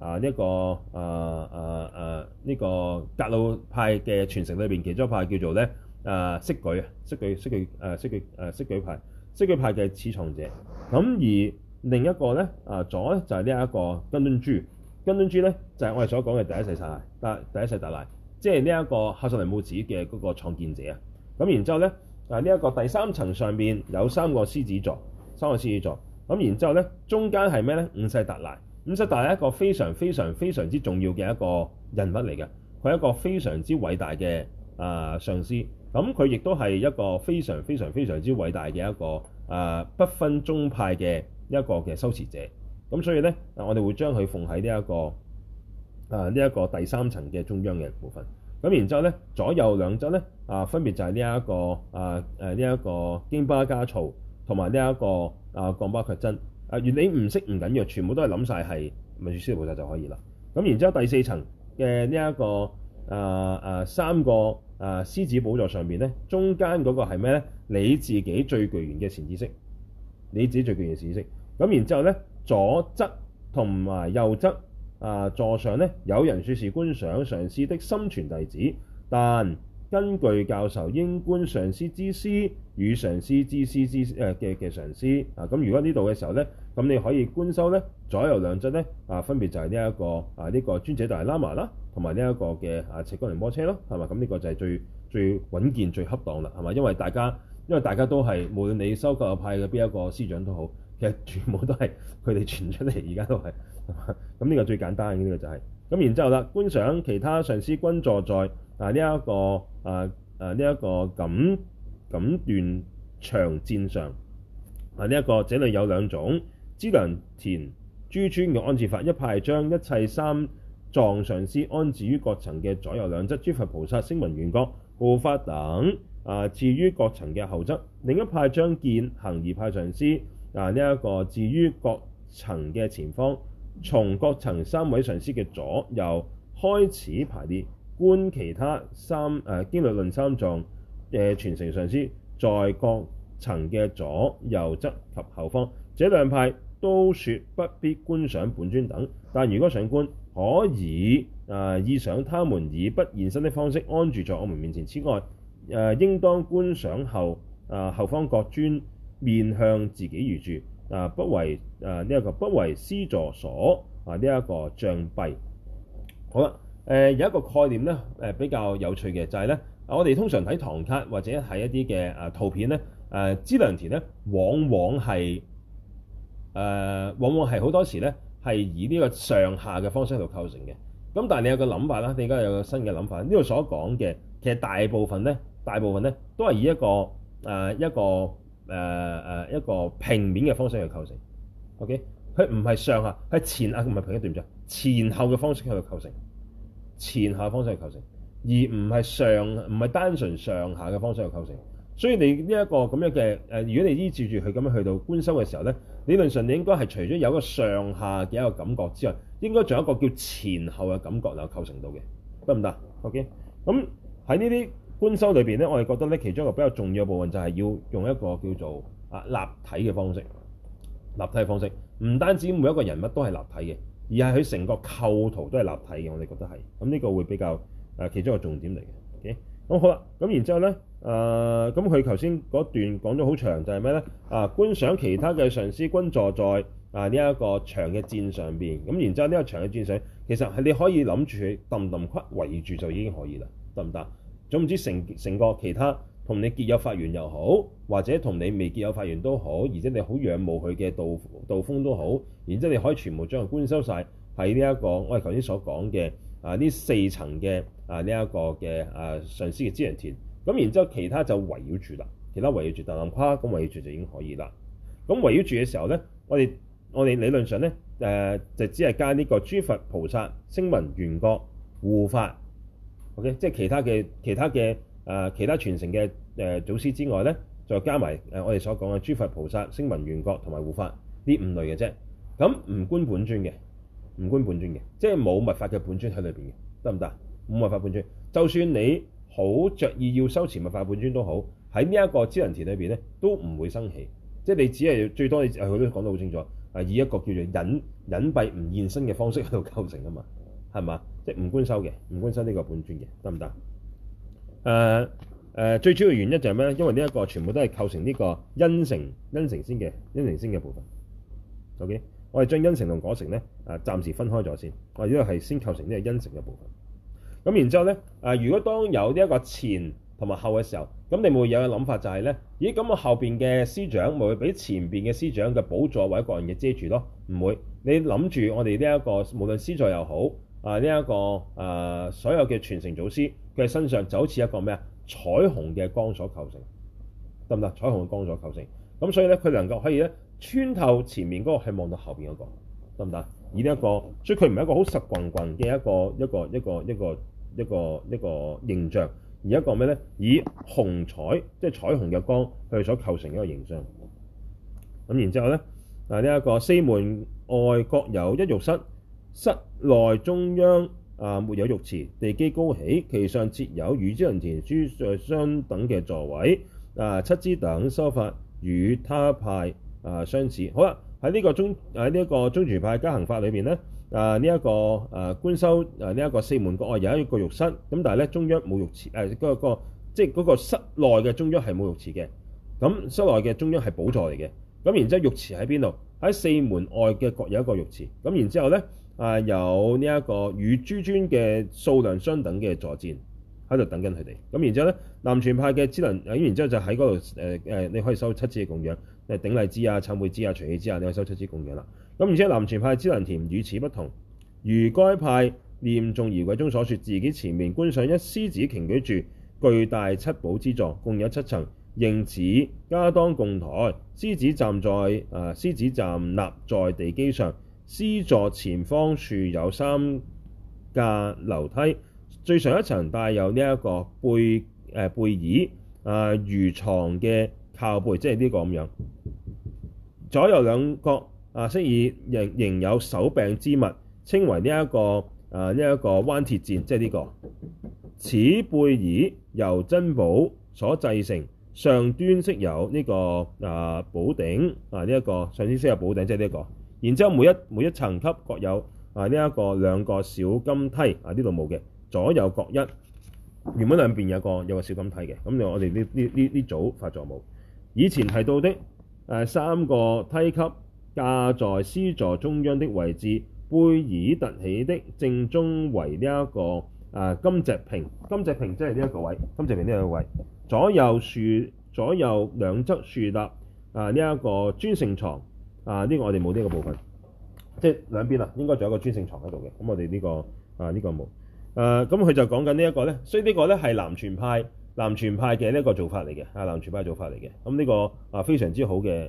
啊呢一、這個啊啊啊呢、這個格魯派嘅傳承裏邊其中一派叫做咧啊色舉啊色舉色舉誒、啊、色舉誒、啊色，啊色，啊、色舉派色舉派嘅始創者。咁而另一個咧啊左咧就係呢一個根敦珠，根敦珠咧就係、是、我哋所講嘅第一世達賴，第一第一世達賴。即係呢一個克薩尼姆寺嘅嗰個創建者啊，咁然之後呢，啊呢一個第三層上邊有三個獅子座，三個獅子座，咁然之後呢，中間係咩呢？五世達賴，五世達賴一個非常非常非常之重要嘅一個人物嚟嘅，佢係一個非常之偉大嘅啊、呃、上師。咁佢亦都係一個非常非常非常之偉大嘅一個啊、呃、不分宗派嘅一個嘅修持者，咁所以呢，我哋會將佢奉喺呢一個。啊！呢、這、一個第三層嘅中央嘅部分，咁然之後咧，左右兩側咧，啊分別就係呢一個啊誒呢一個京巴嘉措同埋呢一個啊降巴卻丹啊！如、啊、你唔識唔緊要，全部都係諗晒係咪住師父就就可以啦。咁然之後，後第四層嘅呢一個啊啊三個啊獅子寶座上邊咧，中間嗰個係咩咧？你自己最具緣嘅善知識，你自己最具緣嘅善知識。咁然之後咧，左側同埋右側。啊，座上咧，有人說是觀想上師的心傳弟子，但根據教授，應觀上師之師與上師之師之誒嘅嘅上師。啊，咁如果呢度嘅時候咧，咁你可以觀修咧，左右兩側咧啊，分別就係呢一個啊呢、呢個尊者大喇嘛啦，同埋呢一個嘅啊赤剛林摩車咯，係嘛？咁呢個就係最最穩健最恰當啦，係嘛？因為大家因為大家都係無論你修噶派嘅邊一個師長都好。其實全部都係佢哋傳出嚟，而家都係咁。呢個最簡單嘅呢個就係咁。然之後啦，觀想其他上師均坐在啊呢一個啊啊呢一個錦錦緞長墊上啊呢一個。這裏有兩種資糧田諸尊嘅安置法，一派將一切三藏上師安置於各層嘅左右兩側，諸佛菩薩、聲聞、緣覺、護法等啊，置於各層嘅後側，另一派將見行二派上師。但呢，這一個置於各層嘅前方，從各層三位上師嘅左右開始排列，觀其他三，誒經律論三藏嘅傳承上師在各層嘅左右側及後方，這兩派都說不必觀想本尊等，但如果上觀，可以誒、啊、意想他們以不現身的方式安住在我們面，面前。此外，誒、啊、應當觀想後誒、啊、後方各尊，面向自己而住啊，不為啊呢一、這個不為獅座所啊呢一、這個障蔽。好啦，誒、呃、有一個概念咧誒、呃、比較有趣嘅就係、是、咧，我哋通常睇唐卡或者睇一啲嘅啊圖片咧誒資糧田咧，往往係誒、啊、往往係好多時咧係以呢個上下嘅方式去到構成嘅。咁但係你有個諗法啦，你而家有個新嘅諗法。呢度所講嘅其實大部分咧，大部分咧都係以一個誒、啊、一個。誒誒、呃、一個平面嘅方式去構成，OK？佢唔係上下，係前壓唔係平一段唔前後嘅方式去構成，前後方式去構成，而唔係上唔係單純上下嘅方式去構成。所以你呢一個咁樣嘅誒、呃，如果你依照住佢咁樣去到觀修嘅時候咧，理論上你應該係除咗有個上下嘅一個感覺之外，應該仲有一個叫前後嘅感覺能夠構成到嘅，得唔得？OK？咁喺呢啲。觀修裏邊咧，我哋覺得咧，其中一個比較重要嘅部分就係要用一個叫做啊立體嘅方，方式。立體方式唔單止每一個人物都係立體嘅，而係佢成個構圖都係立體嘅。我哋覺得係咁，呢個會比較誒、呃、其中一個重點嚟嘅。OK，咁好啦，咁然之後咧，誒咁佢頭先嗰段講咗好長，就係咩咧？啊、呃，觀想其他嘅上師均坐在啊呢一個長嘅墊上邊。咁然之後呢個長嘅墊上，其實係你可以諗住佢氹揼窟圍住就已經可以啦，得唔得？總唔知成成個其他同你結有法緣又好，或者同你未結有法緣都好，而且你好仰慕佢嘅道道風都好，然之後你可以全部將佢觀修晒喺呢一個我哋頭先所講嘅啊呢四層嘅啊呢一、這個嘅啊上師嘅資糧田，咁然之後其他就圍繞住啦，其他圍繞住就冧垮，咁圍繞住就已經可以啦。咁圍繞住嘅時候咧，我哋我哋理論上咧，誒、呃、就只係加呢個諸佛菩薩、聲聞、緣覺、護法。O.K. 即係其他嘅其他嘅誒、呃、其他傳承嘅誒祖師之外咧，再加埋誒我哋所講嘅諸佛菩薩、聲聞、緣覺同埋護法呢五類嘅啫。咁唔觀本尊嘅，唔觀本尊嘅，即係冇密法嘅本尊喺裏邊嘅，得唔得？冇密法本尊，就算你好着意要修持密法本尊都好，喺呢一個資糧田裏邊咧，都唔會生起。即係你只係最多你，你、啊、誒都講得好清楚，係、啊、以一個叫做隱隱蔽、唔現身嘅方式喺度構成啊嘛。係嘛？即係唔觀修嘅，唔觀修呢個本尊嘅，得唔得？誒、呃、誒、呃，最主要原因就係咩咧？因為呢一個全部都係構成呢個因乘因乘先嘅因乘先嘅部分。OK，我哋將因乘同果乘咧誒暫時分開咗先。我係因為係先構成呢個因乘嘅部分。咁然之後咧誒、呃，如果當有呢一個前同埋後嘅時候，咁你會有嘅諗法就係咧，咦，咁我後邊嘅師長會會唔俾前邊嘅師長嘅寶座或者個人嘅遮住咯？唔會。你諗住我哋呢一個無論獅座又好。啊！呢一個啊，所有嘅傳承祖師佢嘅身上就好似一個咩啊？彩虹嘅光所構成，得唔得？彩虹嘅光所構成，咁所以咧，佢能夠可以咧穿透前面嗰個，係望到後邊嗰個，得唔得？以呢一個，所以佢唔係一個好實棍棍嘅一個一個一個一個一個一個形象，而一個咩咧？以紅彩即係彩虹嘅光佢所構成一個形象。咁然之後咧，啊呢一個四門外各有一浴室。室內中央啊、呃，沒有浴池，地基高起，其上設有與資糧田書相相等嘅座位啊、呃，七支等修法與他派啊、呃、相似。好啦，喺呢個中喺呢一個中傳派加行法裏面咧啊，呢、呃、一、這個啊觀、呃、修，啊呢一個四門各外有一個浴室，咁但係咧中央冇浴池誒嗰、呃那個、即係嗰個室內嘅中央係冇浴池嘅。咁室內嘅中央係寶座嚟嘅。咁然之後浴池喺邊度？喺四門外嘅各有一個浴池。咁然之後咧？啊！有呢一個與諸尊嘅數量相等嘅坐墊喺度等緊佢哋。咁然之後咧，南傳派嘅資糧，啊，然之後就喺嗰度誒誒，你可以收七支嘅供養，誒頂禮支啊、懺悔支啊、隨喜支啊，你可以收七支供養啦。咁而且南傳派嘅資糧田與此不同，如該派念誦儀軌中所說，自己前面觀想一獅子擎舉住巨大七寶之座，共有七層，應此，噶當供台，獅子站在啊、呃，獅子站立在地基上。獅座前方處有三架樓梯，最上一層帶有呢一個背誒背椅啊，如、呃呃、床嘅靠背，即係呢、這個咁樣。左右兩角啊，飾以仍仍有手柄之物，稱為呢、這、一個啊呢一個彎鐵箭，即係呢、這個。此背椅由珍寶所製成，上端飾有呢、這個啊、呃、寶頂啊呢一、這個上邊飾有寶頂，即係呢一個。然之後每，每一每一層級各有啊呢一個兩個小金梯啊，呢度冇嘅，左右各一，原本兩邊有個有個小金梯嘅，咁我哋呢呢呢呢組發作冇。以前提到的誒、啊、三個梯級，、啊、個梯級架在獅座中央的位置，背而背扉突起的正中為呢一個啊金脊瓶，金脊瓶即係呢一個位，金脊瓶呢個位，左右豎左右兩側豎立啊呢一、啊這個尊勝幢。啊！呢、這個我哋冇呢個部分，即係兩邊啊，應該仲有一個專性床喺度嘅。咁、嗯、我哋、這個啊這個啊、呢個啊呢個冇。誒咁佢就講緊呢一個咧，所以呢個咧係南傳派南傳派嘅呢一個做法嚟嘅。啊，南傳派做法嚟嘅。咁、嗯、呢、這個啊非常之好嘅誒誒誒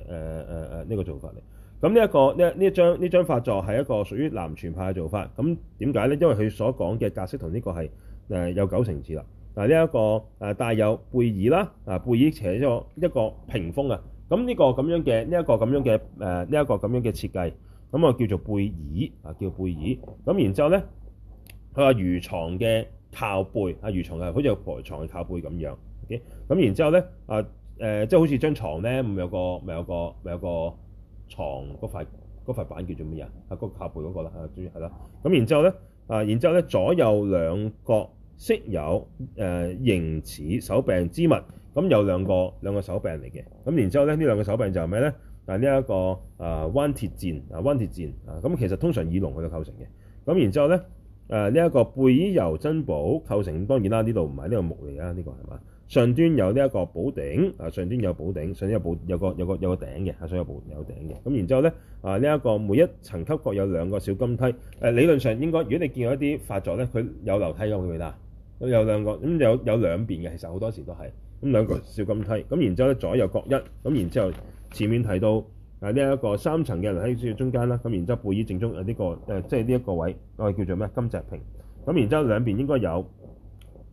呢個做法嚟。咁呢一個呢呢張呢張法座係一個屬於南傳派嘅做法。咁點解咧？因為佢所講嘅格式同呢個係誒、呃、有九成似啦。嗱呢一個誒帶有背扉啦，啊背扉斜咗一,一個屏風啊。咁呢個咁樣嘅呢一個咁樣嘅誒呢一個咁樣嘅設計，咁、呃、啊叫做背椅啊，叫背椅。咁然之後咧，佢話魚床嘅靠背啊，魚床係好似個床嘅靠背咁樣。okay？咁然之後咧啊誒，即係好似張床咧，咪有個咪有個咪有個牀嗰塊嗰塊板叫做咩啊？係個靠背嗰個啦，係主要啦。咁然之後咧啊，然之後咧、呃、左右兩角飾有誒、呃、形似手柄之物。咁有兩個兩個手柄嚟嘅，咁然之後咧呢兩個手柄就係咩咧？啊呢一個啊彎鐵箭啊彎鐵箭啊咁其實通常以龍佢就構成嘅。咁然之後咧誒呢一、啊這個背扉由珍寶構成當然啦、啊，呢度唔係呢個木嚟啦。呢、這個係嘛上端有呢一個寶頂啊，上端有寶頂，上端有寶有個有個有個頂嘅啊，上有寶有頂嘅。咁、啊、然之後咧啊呢一、這個每一層級各有兩個小金梯誒、啊，理論上應該如果你到見到一啲發作咧，佢有樓梯嘅，記唔記得啊？有兩個咁有有兩邊嘅，其實好多時都係。咁兩個小金梯，咁然之後咧左右各一，咁然之後前面提到啊呢一個三層嘅喺中間啦，咁然之後背依正中啊呢、這個誒、呃、即係呢一個位我哋、啊、叫做咩金脊瓶，咁然之後兩邊應該有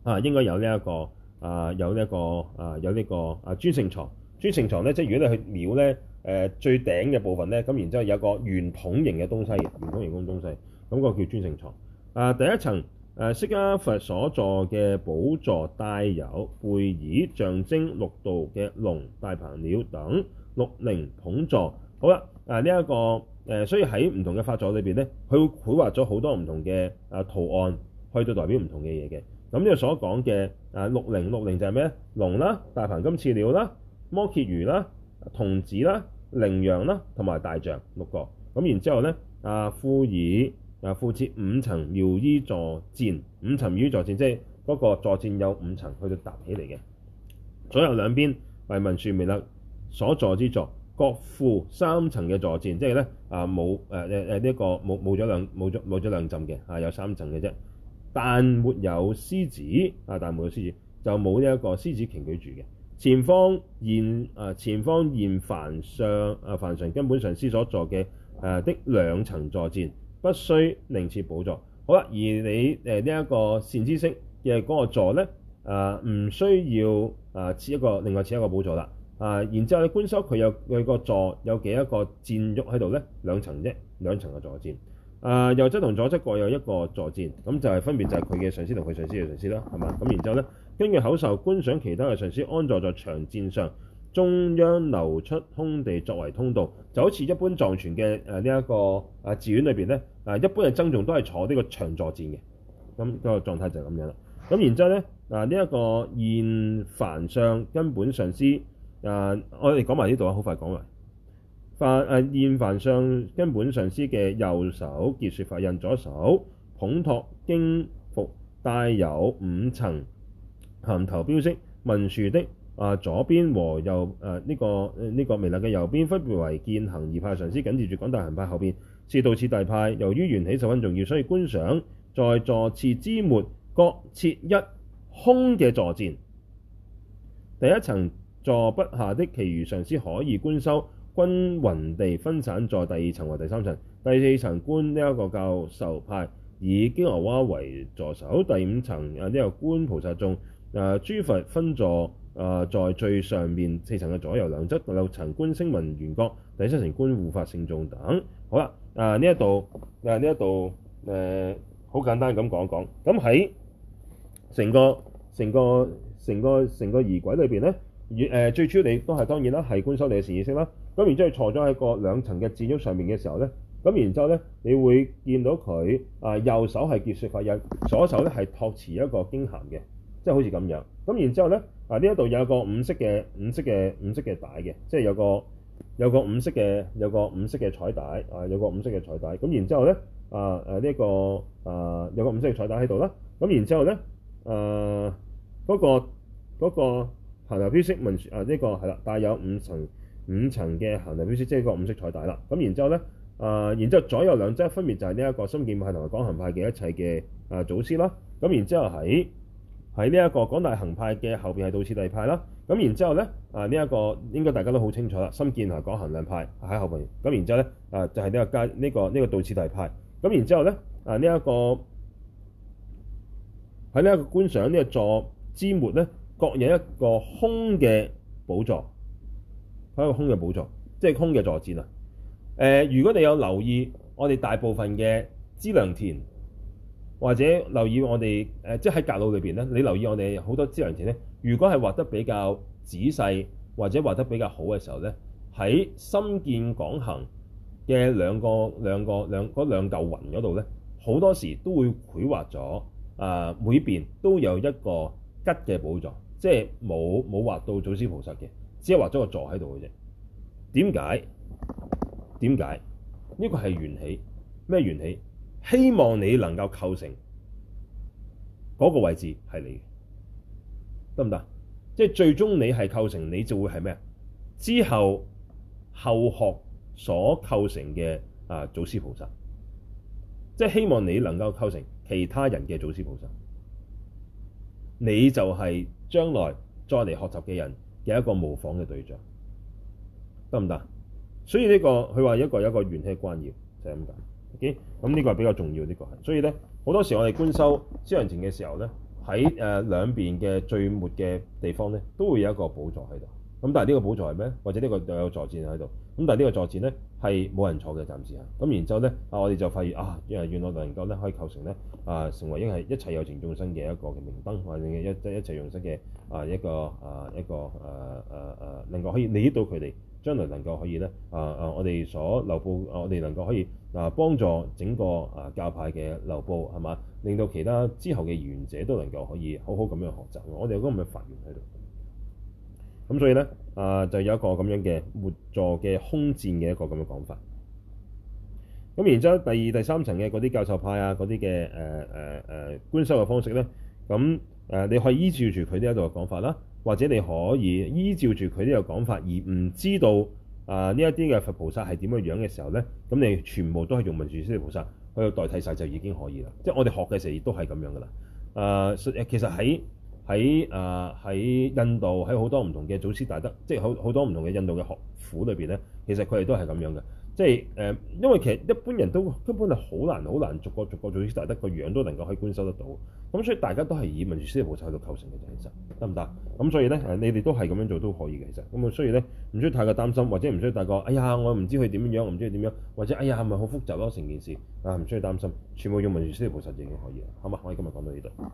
啊應該有呢、這、一個啊有呢、這、一個啊有呢、這個啊尊勝幢，尊勝幢咧即係如果你去廟咧誒最頂嘅部分咧，咁然之後有個圓筒形嘅東西，圓筒形嘅東西，咁、嗯這個叫尊勝幢。啊第一層。誒釋迦佛所坐嘅寶座，帶有背扉，象徵六度嘅龍、大鵬鳥等六靈捧座。好啦，啊呢一、這個誒、啊，所以喺唔同嘅法座裏邊咧，佢會繪畫咗好多唔同嘅啊圖案，去到代表唔同嘅嘢嘅。咁、啊啊、呢個所講嘅啊六靈六靈就係咩咧？龍啦、大鵬金翅鳥啦、摩羯魚啦、童子啦、羚羊啦，同埋大象六個。咁、啊、然之後咧，啊富爾。啊啊！敷設五層妙衣座墊，五層妙衣座墊，即係嗰個座墊有五層去到搭起嚟嘅。左右兩邊為文殊彌勒所坐之座，各敷三層嘅座墊，即係咧啊冇誒誒誒呢一個冇冇咗兩冇咗冇咗兩浸嘅啊，有三層嘅啫。但沒有獅子啊，但沒有獅子就冇呢一個獅子擎舉住嘅。前方現啊、呃，前方現凡上啊，凡上根本上師所坐嘅誒的兩層座墊。呃不需另設寶座，好啦。而你誒呢一個善知識嘅嗰個座呢，誒唔需要誒設、呃、一個另外設一個寶座啦。啊、呃，然之後你觀修佢有佢個座有幾多個墊褥喺度呢，兩層啫，兩層嘅座墊。啊、呃，右側同左側各有一個座墊，咁就係分別就係佢嘅上師同佢上師嘅上師啦，係嘛？咁然之後咧，根據口授觀想其他嘅上師安坐在長墊上。中央留出空地作為通道，就好似一般藏傳嘅誒呢一個誒寺院裏邊咧，誒一般嘅僧眾都係坐呢個長坐墊嘅，咁個狀態就係咁樣啦。咁然之後咧，嗱呢一個現凡相根本上師，誒、呃、我哋講埋呢度話，好快講埋。法誒、啊、現凡相根本上師嘅右手結説法印，左手捧托經袱，帶有五層函頭標識，文殊的。啊，左邊和右誒呢、呃這個呢、呃這個彌勒嘅右邊，分別為見行二派上師緊接住廣大行派後邊是道次第派。由於緣起十分重要，所以觀想在座次之末各設一空嘅座墊。第一層坐不下的，其餘上師可以觀修均勻地分散在第二層和第三層、第四層觀呢一個教授派，以京俄瓦為座首。第五層啊呢、這個觀菩薩眾啊，諸佛分坐。誒、呃，在最上面四層嘅左右兩側，第六層觀聲聞緣覺，第七層觀護法聖眾等。好啦，誒呢一度誒呢一度誒好簡單咁講一講。咁喺成個成個成個成個儀軌裏邊咧，越、呃、最初你都係當然啦，係觀修你嘅善知識啦。咁然之後坐咗喺個兩層嘅建築上面嘅時候咧，咁然之後咧，你會見到佢誒、呃、右手係結説法印，左手咧係托持一個經函嘅，即、就、係、是、好似咁樣。咁然之後咧。啊！呢一度有個五色嘅五色嘅五色嘅帶嘅，即係有個有個五色嘅有個五色嘅彩帶，帶啊，啊，啊、這個、啊！有個五色嘅彩帶咁，然之後咧啊誒呢、那個、那個、啊、這個啊這個、有五五啊、這個五色嘅彩帶喺度啦。咁然之後咧誒嗰個行頭標識文誒呢個係啦，帶有五層五層嘅行頭標識，即係個五色彩帶啦。咁然之後咧啊，然之後、啊、後左右兩側分別就係呢一個深見派同埋廣行派嘅一切嘅啊祖師啦。咁、啊、然之後喺喺呢一個廣大行派嘅後邊係道次第派啦，咁然之後咧，啊呢一、這個應該大家都好清楚啦，甚深見同埋廣行兩派喺後邊，咁然之後咧，啊就係、是、呢、這個階呢、這個呢、這個道次第派，咁然之後咧，啊呢一、這個喺呢一個觀想呢個座次之末咧，各有一個空嘅寶座，係一個空嘅寶座，即係空嘅座墊啊。誒、呃，如果你有留意我哋大部分嘅資糧田。或者留意我哋誒、呃，即係喺格魯裏邊咧，你留意我哋好多資糧田咧。如果係畫得比較仔細，或者畫得比較好嘅時候咧，喺深見廣行嘅兩個兩個兩嗰兩嚿雲嗰度咧，好多時都會繪畫咗啊！每邊都有一個吉嘅寶座，即係冇冇畫到祖師菩薩嘅，只係畫咗個座喺度嘅啫。點解？點解？呢、這個係緣起咩緣起？希望你能夠構成嗰個位置係你嘅，得唔得？即係最終你係構成，你就會係咩？之後後學所構成嘅啊，祖師菩薩，即係希望你能夠構成其他人嘅祖師菩薩，你就係將來再嚟學習嘅人嘅一個模仿嘅對象，得唔得？所以呢個，佢話一個一個元氣關要就係咁解。咁呢、okay? 個係比較重要，呢、呢個係，所以咧好多時我哋觀修私人情嘅時候咧，喺誒兩邊嘅最末嘅地方咧，都會有一個寶座喺度。咁但係呢個寶座係咩？或者個個呢個又有坐墊喺度？咁但係呢個坐墊咧係冇人坐嘅，暫時啊。咁然之後咧啊，我哋就發現啊，因為願我能夠咧可以構成咧啊、呃，成為一係一切有情眾生嘅一個嘅明燈，或者嘅一即係一切有識嘅啊一個啊一個誒誒誒，能夠可以利益到佢哋。將來、啊、能夠可以咧啊啊，我哋所流布，我哋能夠可以嗱幫助整個啊教派嘅流布係嘛？令到其他之後嘅賢者都能夠可以好好咁樣學習。我哋嗰個咪法源喺度。咁所以咧啊，就有一個咁樣嘅末座嘅空戰嘅一個咁嘅講法。咁然之後，第二、第三層嘅嗰啲教授派啊，嗰啲嘅誒誒誒觀修嘅方式咧，咁誒你可以依照住佢呢一度嘅講法啦。或者你可以依照住佢呢個講法，而唔知道啊呢一啲嘅佛菩薩係點樣樣嘅時候咧，咁你全部都係用民主式嘅菩薩去代替晒就已經可以啦。即係我哋學嘅時候亦都係咁樣噶啦。誒、呃，其實喺喺誒喺印度喺好多唔同嘅祖師大德，即係好好多唔同嘅印度嘅學府裏邊咧，其實佢哋都係咁樣嘅。即係誒、呃，因為其實一般人都根本就好難，很難、好難逐個逐個做，但係得個樣都能夠可以觀修得到。咁所以大家都係以文殊師利菩薩喺度構成嘅啫。其實得唔得？咁所以咧、呃、你哋都係咁樣做都可以嘅。其實咁啊，所以咧唔需要太過擔心，或者唔需要太過。哎呀，我唔知佢點樣，我唔知佢點樣，或者哎呀係咪好複雜咯成件事啊？唔需要擔心，全部用文殊師利菩薩就已經可以啦。好嘛，我哋今日講到呢度。嗯